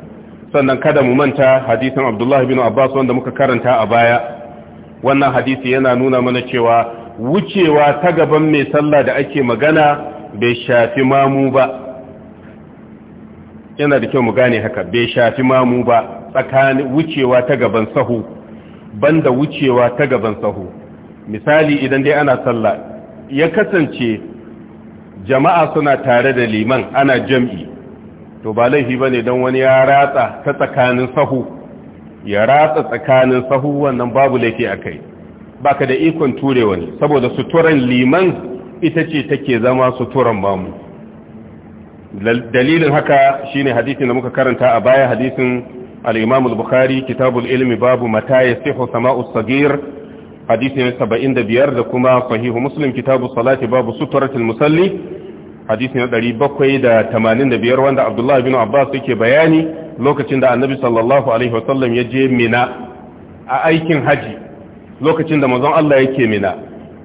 sannan kada mu manta hadisin abdullahi bin abbas wanda muka karanta a baya wannan hadisi yana nuna mana cewa wucewa ta gaban mai sallah da ake magana bai shafi mamu ba yana da kyau mu gane haka bai shafi mamu ba tsakanin wucewa ta gaban sahu banda wucewa ta gaban sahu misali idan dai ana sallah ya kasance jama'a suna tare da liman ana jam'i to ba laifi bane dan wani ya ratsa ta tsakanin sahu ya ratsa tsakanin sahu wannan babu laifi a ba baka da ikon ture wani saboda suturan liman ita ce take zama suturan bamu dalilin haka shine hadisin da muka karanta a baya hadisin al al-Bukhari kitabul ilmi babu mata yasihu sama'u sagir hadisi 75 da kuma fahihu muslim kitabu salati babu suturatul musalli hadisi na biyar wanda abdullahi bin abbas yake bayani lokacin da annabi sallallahu alaihi wasallam ya je mina a aikin haji lokacin da manzon Allah yake mina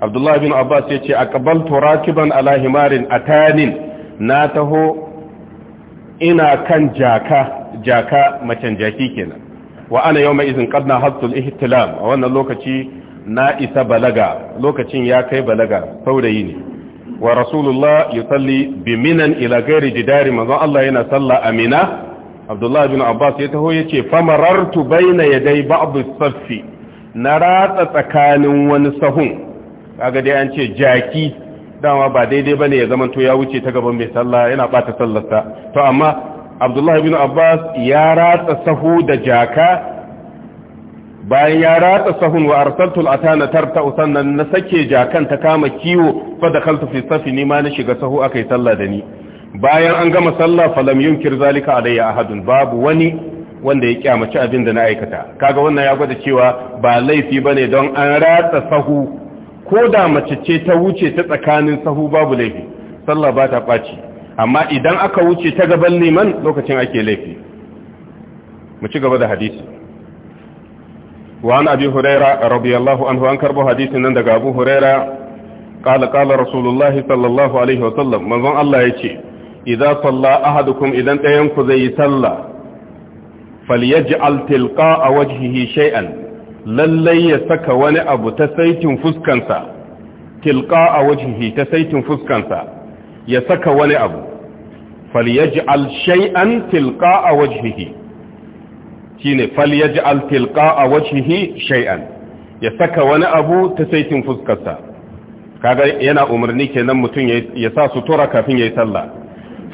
abdullahi bin abbas ya ce aqbaltu rakiban ala himarin atanin na taho ina kan jaka jaka macen jaki kenan wa ana mai izin qadna hasul ihtilam a wannan lokaci na isa balaga lokacin ya kai balaga saurayi ne wa rasulullah ya bi minan ila gairi jidari manzon Allah yana salla amina abdullahi bin abbas ya taho yace famarartu baina ya dai babu saffi na ratsa tsakanin wani sahun kaga dai an ce jaki dama ba daidai bane ya zama to ya wuce ta gaban mai sallah yana bata sallarsa to amma abdullah bin abbas ya ratsa sahu da jaka bayan ya ratsa sahun wa arsaltul atana tarta sannan na sake jakan ta kama kiwo fa da kaltu fi safi ni ma na shiga sahu akai sallah da ni bayan an gama sallah falam yunkir zalika alayya ahadun babu wani wanda ya kyamaci abin da na aikata kaga wannan ya gwada cewa ba laifi bane don an ratsa sahu ko da mace ce ta wuce ta tsakanin sahu babu laifi sallah ba ta ɓaci amma idan aka wuce ta gaban liman lokacin ake laifi mu ci gaba da hadisi وعن أبي هريرة رضي الله عنه أنكر حديثنا عند أبو هريرة قال قال رسول الله صلى الله عليه وسلم من ظن الله يتي إذا صلى أحدكم إذا أنت ينفذ يصلى فليجعل تلقاء وجهه شيئا للي يسك وني أبو تسيت فسكنسا تلقاء وجهه تسيت فسكنسا يسك وني أبو فليجعل شيئا تلقاء وجهه shine fal yaj'al tilqa'a wajhihi shay'an ya saka wani abu ta saitin fuskarsa kaga yana umarni kenan mutum ya sa sutura kafin yayi sallah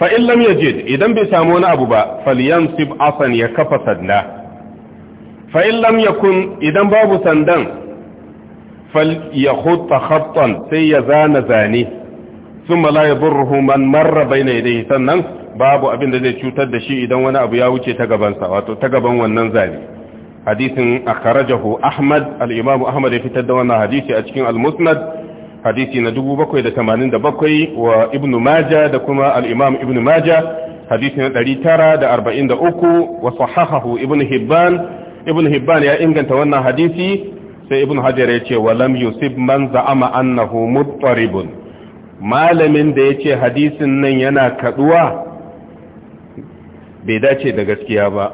fa in lam yajid idan bai samu wani abu ba falyansib asan ya kafa sanda fa in lam yakun idan babu sandan fal yakhutta khattan sai ya zana zane thumma la yadurruhu man marra bayna yadayhi sannan babu abin da zai cutar da shi idan wani abu ya wuce ta gabansa wato ta gaban wannan zane hadisin akharajahu ahmad al-imam ahmad ya fitar da wannan hadisi a cikin al-musnad hadisi na 787 wa ibn majah da kuma al-imam ibn majah hadisi na 943 wa sahahahu ibn hibban ibn hibban ya inganta wannan hadisi sai ibn hajar ya ce wa lam yusib man za'ama annahu muttaribun malamin da ya ce hadisin nan yana kaduwa bai dace da gaskiya ba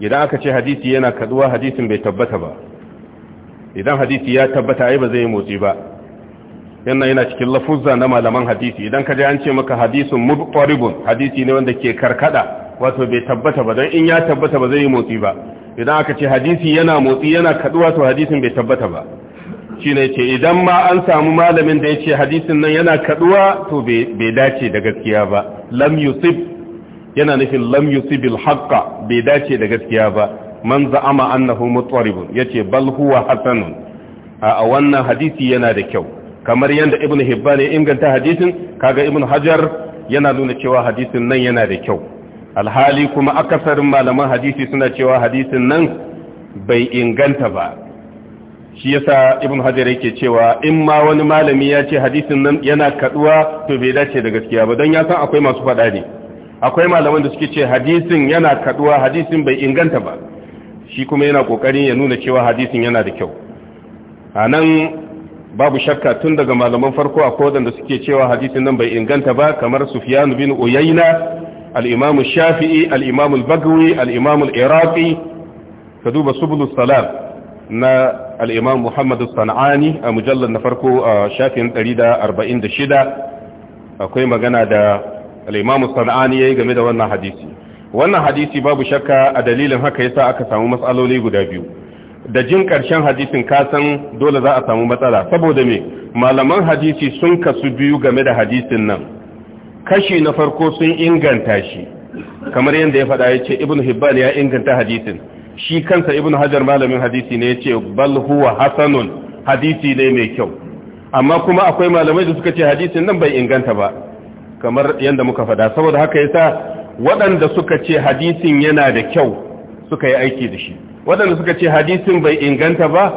idan aka ce hadisi yana kaduwa hadisin bai tabbata ba idan hadisi ya tabbata ai ba zai motsi ba yana yana cikin lafuzza na malaman hadisi idan ka ji an ce maka hadisin mubqaribun hadisi ne wanda ke karkada wato bai tabbata ba dan in ya tabbata ba zai yi motsi ba idan aka ce hadisi yana motsi yana kaduwa to hadisin bai tabbata ba shine yace idan ma an samu malamin da yace hadisin nan yana kaduwa to bai dace da gaskiya ba lam yusib yana nufin lam bil haqqa bai dace da gaskiya ba man za'ama annahu mutaribun yace bal huwa hasanun a wannan hadisi yana da kyau kamar yadda ibn hibban ya inganta hadisin kaga ibn hajar yana nuna cewa hadisin nan yana da kyau alhali kuma akasarin malaman hadisi suna cewa hadisin nan bai inganta ba shi yasa ibn hajar yake cewa in ma wani malami ya ce hadisin nan yana kaduwa to bai dace da gaskiya ba don ya san akwai masu faɗa ne akwai malaman da suke ce hadisin yana kaduwa hadisin bai inganta ba shi kuma yana kokarin ya nuna cewa hadisin yana da kyau a nan babu shakka tun daga malaman farko a kodan da suke cewa hadisin nan bai inganta ba kamar sufyan bin uyayna al-imam shafi'i al-imam al-bagawi al-imam al-iraqi ka subulus salam na al-imam muhammad sanani a mujallar na farko a shafin 146 akwai magana da al-imam ya yi game da wannan hadisi wannan hadisi babu shakka a dalilin haka yasa aka samu matsaloli guda biyu da jin karshen hadisin ka san dole za a samu matsala saboda me malaman hadisi sun kasu biyu game da hadisin nan kashi na farko sun inganta shi kamar yadda ya faɗa ya ce ibn hibban ya inganta hadisin shi kansa ibn hajar malamin hadisi ne ya ce bal huwa hasanun hadisi ne mai kyau amma kuma akwai malamai da suka ce hadisin nan bai inganta ba kamar yadda muka fada saboda haka yasa waɗanda suka ce hadisin yana da kyau suka yi aiki da shi waɗanda suka ce hadisin bai inganta ba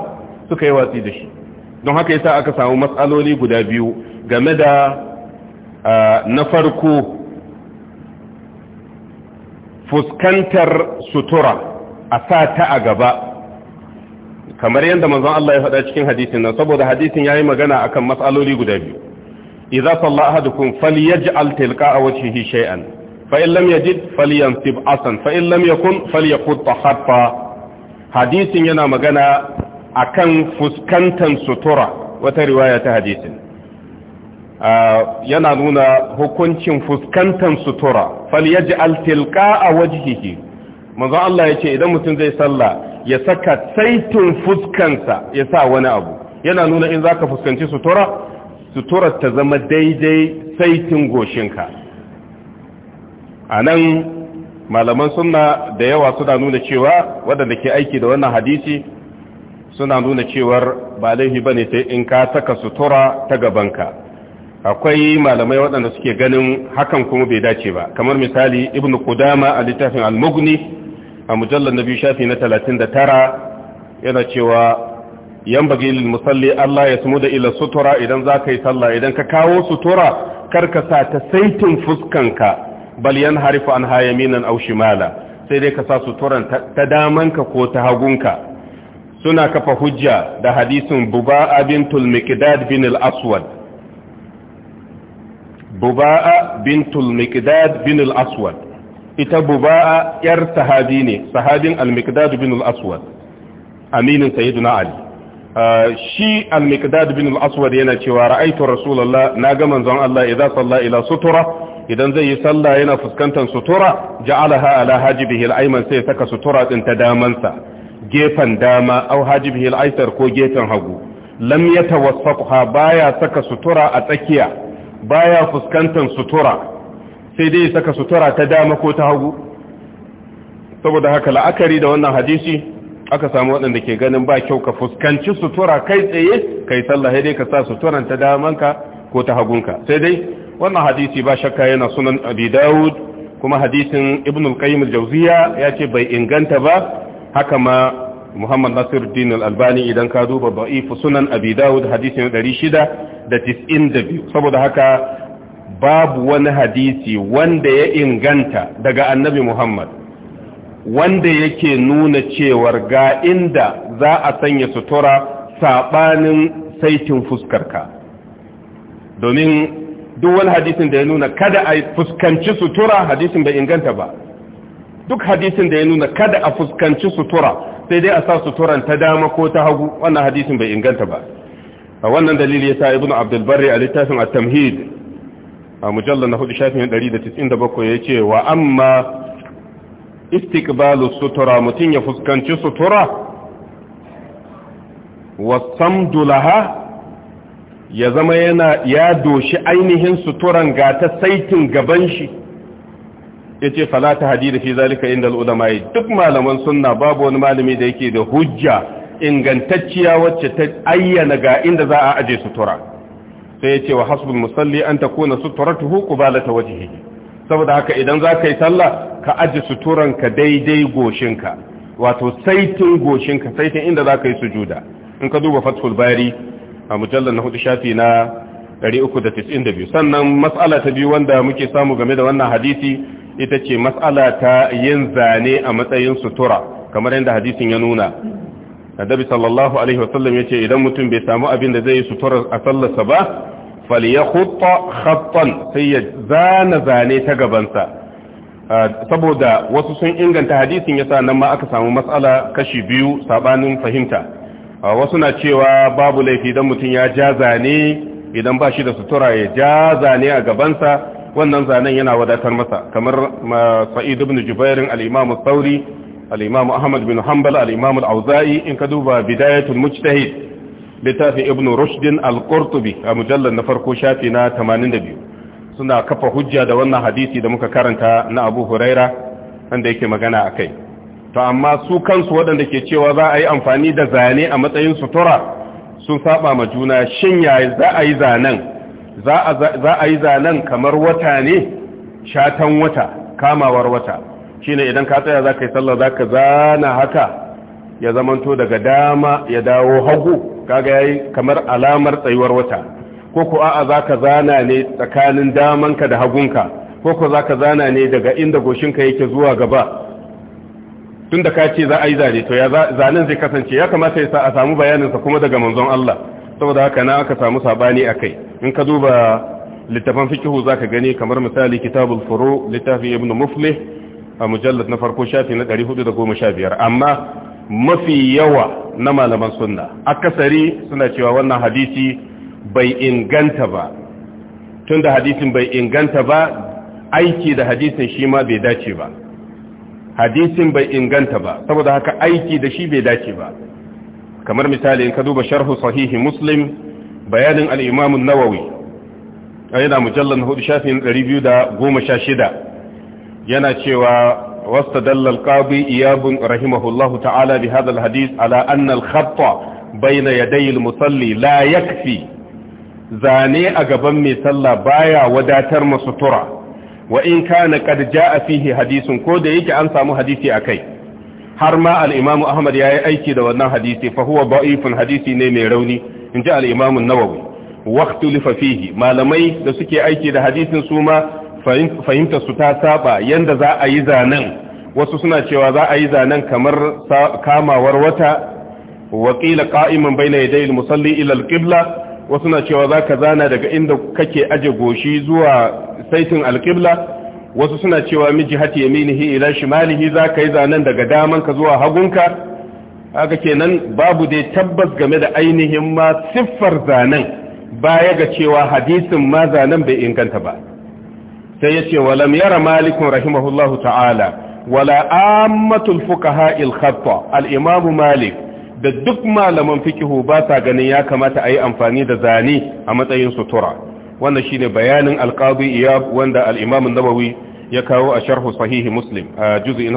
suka yi watsi da shi don haka yasa aka samu matsaloli guda biyu game da na farko fuskantar sutura a sa ta a gaba kamar yadda manzon Allah ya faɗa cikin hadisin nan saboda hadisin yi magana akan matsaloli guda biyu idza salla ahadukum falyaj'al tilqa'a wajhihi shay'an fa in lam yajid falyansib asan fa in lam yakun falyaqut hatta hadisin yana magana akan fuskantan sutura wata riwaya ta hadisin yana nuna hukuncin fuskantan sutura falyaj'al tilqa'a wajhihi manzo Allah ce idan mutum zai sallah ya saka saitin fuskansa ya sa wani abu yana nuna in zaka fuskanci sutura suturar ta zama daidai saitin goshinka a nan malaman suna da yawa suna nuna cewa waɗanda ke aiki da wannan hadisi suna nuna cewar ba laifi ba ne sai in ka saka sutura ta gabanka akwai malamai waɗanda suke ganin hakan kuma bai dace ba kamar misali ibn kudama a littafin al-mughni a mujallar na biyu shafi na 39 yana cewa yanbaghi lil musalli Allah ya sumu da ila sutura idan zaka yi sallah idan ka kawo sutura karka sa ta saitin fuskanka bal harifa an hayaminan aw shimala sai dai ka sa suturan ta daman ka ko ta hagunka suna kafa hujja da hadisin buba'a bintul miqdad bin al buba'a bintul miqdad bin al ita buba'a yar sahabi ne sahabin al-miqdad bin al-aswad aminin sayyiduna ali shi al-miqdad bin al-aswad yana cewa ra'aytu rasulullah na ga manzon Allah idza salla ila sutura idan zai yi sallah yana fuskantar sutura ja'alaha ala hajibihi al-ayman sai saka sutura din ta damansa gefen dama au hajibihi al-aysar ko gefen hagu lam yatawassaqha baya saka sutura a tsakiya baya fuskantar sutura sai dai saka sutura ta dama ko ta hagu saboda haka la'akari da wannan hadisi aka samu waɗanda ke ganin ba kyau ka fuskanci sutura kai tsaye kai sallah sai dai ka sa suturan ta damanka ko ta hagunka sai dai wannan hadisi ba shakka yana sunan abi dawud kuma hadisin ibn al-qayyim al ya ce bai inganta ba haka ma muhammad nasiruddin al-albani idan ka duba da'ifu sunan abi dawud hadisin biyu. saboda haka babu wani hadisi wanda ya inganta daga annabi muhammad wanda yake nuna cewar ga inda za a sanya sutura saɓanin saitin fuskarka domin duk wani hadisin da ya nuna kada a fuskanci sutura hadisin bai inganta ba duk hadisin da ya nuna kada a fuskanci sutura sai dai a sa suturan ta dama ko ta hagu wannan hadisin bai inganta ba a wannan dalili ya sa ibn abdulbari a littafin at-tamhid a mujallar na hudu shafin 197 ya ce wa amma istiqbalu sutura mutum ya fuskanci sutura wasamdu dulaha ya zama yana ya doshi ainihin suturan ga ta saitin gaban shi yace fala ta hadida fi zalika inda ulama duk malaman sunna babu wani malami da yake da hujja ingantacciya wacce ta ayyana ga inda za a aje sutura sai yace wa hasbul musalli an tuhu suturatuhu qubalata wajihi. saboda haka idan za ka yi sallah ka aji suturanka daidai goshinka wato saitin goshinka saitin inda za ka yi sujuda in ka duba fatul bari a mujallar na hudu shafi na 392 sannan matsala ta biyu wanda muke samu game da wannan hadisi ita ce matsala ta yin zane a matsayin sutura kamar yadda hadisin ya nuna annabi sallallahu alaihi wasallam yace idan mutum bai samu abin da zai yi sutura a sallarsa ba falyahutta khattan sai ya zana zane ta gabansa ah, saboda wasu sun inganta hadisin yasa nan ma aka samu matsala kashi biyu sabanin fahimta ah, wasu na cewa babu laifi dan mutum ya ja zane idan ba shi da sutura ya ja zane a gabansa wannan zanen yana wadatar masa kamar sa'id ibn jubairin al-imam sauri al-imam ahmad bin hanbal al-imam al-auza'i in ka duba bidayatul mujtahid littafin ibn rushdin al-qurtubi a mujallar na farko shafi na 82 suna kafa hujja da wannan hadisi da muka karanta na abu huraira wanda yake magana a kai to amma su kansu waɗanda ke cewa za a yi amfani da zane a matsayin sutura sun saba ma juna shin za a yi zanen za a yi zanen kamar wata ne shatan wata kamawar wata shine idan ka tsaya za ka yi sallah za ka zana haka ya zamanto daga dama ya dawo hagu kaga yayi kamar alamar tsayuwar wata ko ko a'a zaka zana ne tsakanin damanka da hagunka ko ko zaka zana ne daga inda goshinka yake zuwa gaba tunda ka ce za a yi zane to ya zanen zai kasance ya kamata ya sa a samu bayanin sa kuma daga manzon Allah saboda haka na aka samu sabani akai in ka duba littafin fiqhu zaka gani kamar misali kitabul furu littafin ibn muflih a mujallad na farko shafi na 415 amma mafi yawa na malaman sunna akasari suna cewa wannan hadisi bai inganta ba tunda hadisin bai inganta ba aiki da hadisin shi ma bai dace ba hadisin bai inganta ba saboda haka aiki da shi bai dace ba kamar misali in ka duba sharhu sahihi muslim bayanin al-imam an-nawawi ayyana mujallal hudu shafin 216 yana cewa واستدل القاضي إياب رحمه الله تعالى بهذا الحديث على أن الخط بين يدي المصلي لا يكفي زاني أقبم صلى بايا وداتر مسطرة وإن كان قد جاء فيه حديث كود يجي أنسى محديثي أكي حرما الإمام أحمد يا أيكي دوانا حديثي فهو ضعيف حديثي نيمي روني إن جاء الإمام النووي واختلف فيه ما لمي لسكي أيكي دا حديث سوما fahimta su ta saba yanda za a yi zanen wasu suna cewa za a yi zanen kamar kamawar wata wakila qa'iman baina yadayil musalli ilal qibla wasu suna cewa za ka zana daga inda kake aje goshi zuwa saitin alqibla wasu suna cewa min jihati yaminihi ila shimalihi za ka yi zanen daga ka zuwa hagunka haka kenan babu dai tabbas game da ainihin ma siffar zanen baya ga cewa hadisin ma zanen bai inganta ba sai ya ce walam yara malikun rahimahullahu ta'ala wala ammatul fuqaha il khatta al malik da duk malaman fikihu ba ganin ya kamata a yi amfani da zane a matsayin sutura wannan shine bayanin alqadi iya wanda al nabawi nawawi ya kawo a sharhu sahihi muslim a juz'i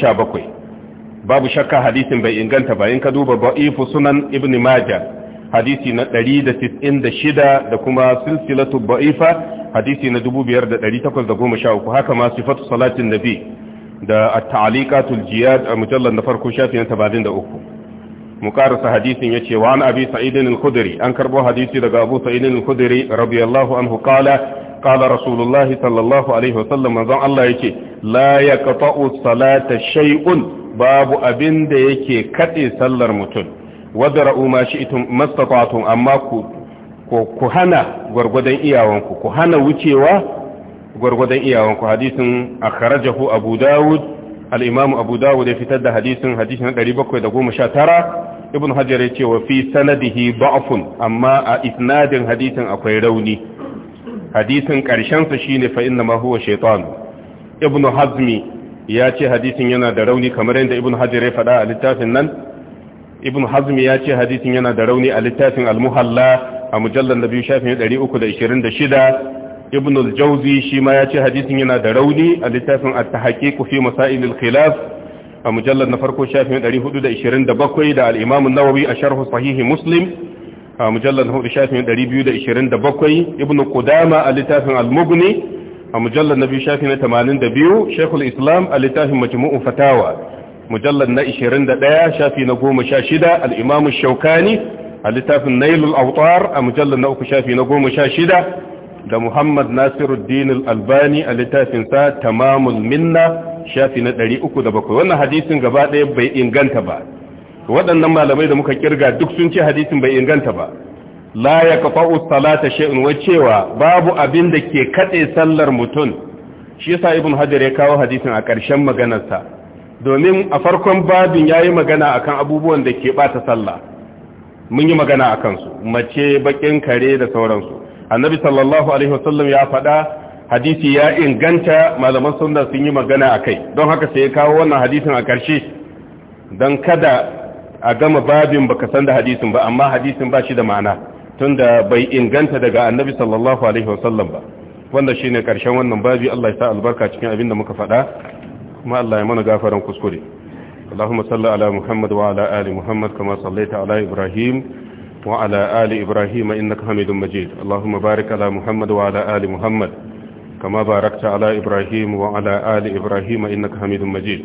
sha bakwai babu shakka hadisin bai inganta ba in ka duba ba'ifu sunan ibn majah hadisi na 196 da kuma silsilatu ba'ifa hadisi na 5813 haka ma sifatu salatin nabi da at-ta'liqatul jiyad a mujallal na farko shafi na mu mukarasa hadisin yace wa an abi sa'id al-khudri an karbo hadisi daga abu sa'id al-khudri radiyallahu anhu qala قال رسول الله صلى الله عليه وسلم manzon Allah yake la yaqta'u salata shay'un babu abin da yake kade sallar mutum wadra'u ma shi'tum mastata'tum amma ku hana gwargwadon iyawanku ku hana wucewa gwargwadon iyawanku hadisin akhrajahu abu dawud al'imamu abu dawud ya fitar da hadisin hadisin 719 ibn hajar ya ce wa fi sanadihi da'fun amma a isnadin hadisin akwai rauni hadisin ƙarshensa sa shine fa inna ma huwa shaytan ibn hazmi ya ce hadisin yana da rauni kamar yadda ibn hajar ya faɗa a littafin nan ibn hazmi ya ce hadisin yana da rauni a littafin al-muhalla a mujallar na biyu shafin 326 ibn al-jawzi shi ma ya ce hadisin yana da rauni a littafin at-tahqiq fi masail al-khilaf a mujallar na farko shafin 427 da al-imam an-nawawi a sharh sahih muslim a mujallar na hudu shafin 227 ibn qudama a littafin al-mughni a mujallar na biyu shafin 82 shaykhul islam a littafin majmu'u fatawa mujallar na 21 shafi na 16 al-imam shaukani a littafin nailul autar a mujallar na uku shafi na 16 da muhammad nasiruddin al-albani a littafin sa tamamul minna shafi na 307 wannan hadisin gaba ɗaya bai inganta ba waɗannan malamai da muka kirga duk sun ce hadisin bai inganta ba la ya kafa salata shay'un wa cewa babu abin da ke katse sallar mutum shi yasa ibn hajar ya kawo hadisin a ƙarshen maganarsa domin a farkon babin yayi magana akan abubuwan da ke bata sallah mun yi magana a kansu mace bakin kare da sauransu annabi sallallahu alaihi wasallam ya faɗa hadisi ya inganta malaman sunna sun yi magana a kai don haka sai ya kawo wannan hadisin a karshe don kada a gama babin baka san da hadisin ba amma hadisin ba shi da ma'ana tunda bai inganta daga annabi sallallahu alaihi wasallam ba wanda shine karshen wannan babi Allah ya sa albarka cikin abin da muka faɗa kuma Allah ya mana gafaran kuskure Allahumma salli ala Muhammad wa ala ali Muhammad kama sallaita ala Ibrahim wa ala ali Ibrahim innaka Hamidum Majid Allahumma barik ala Muhammad wa ala ali Muhammad kama barakta ala Ibrahim wa ala ali Ibrahim innaka Hamidum Majid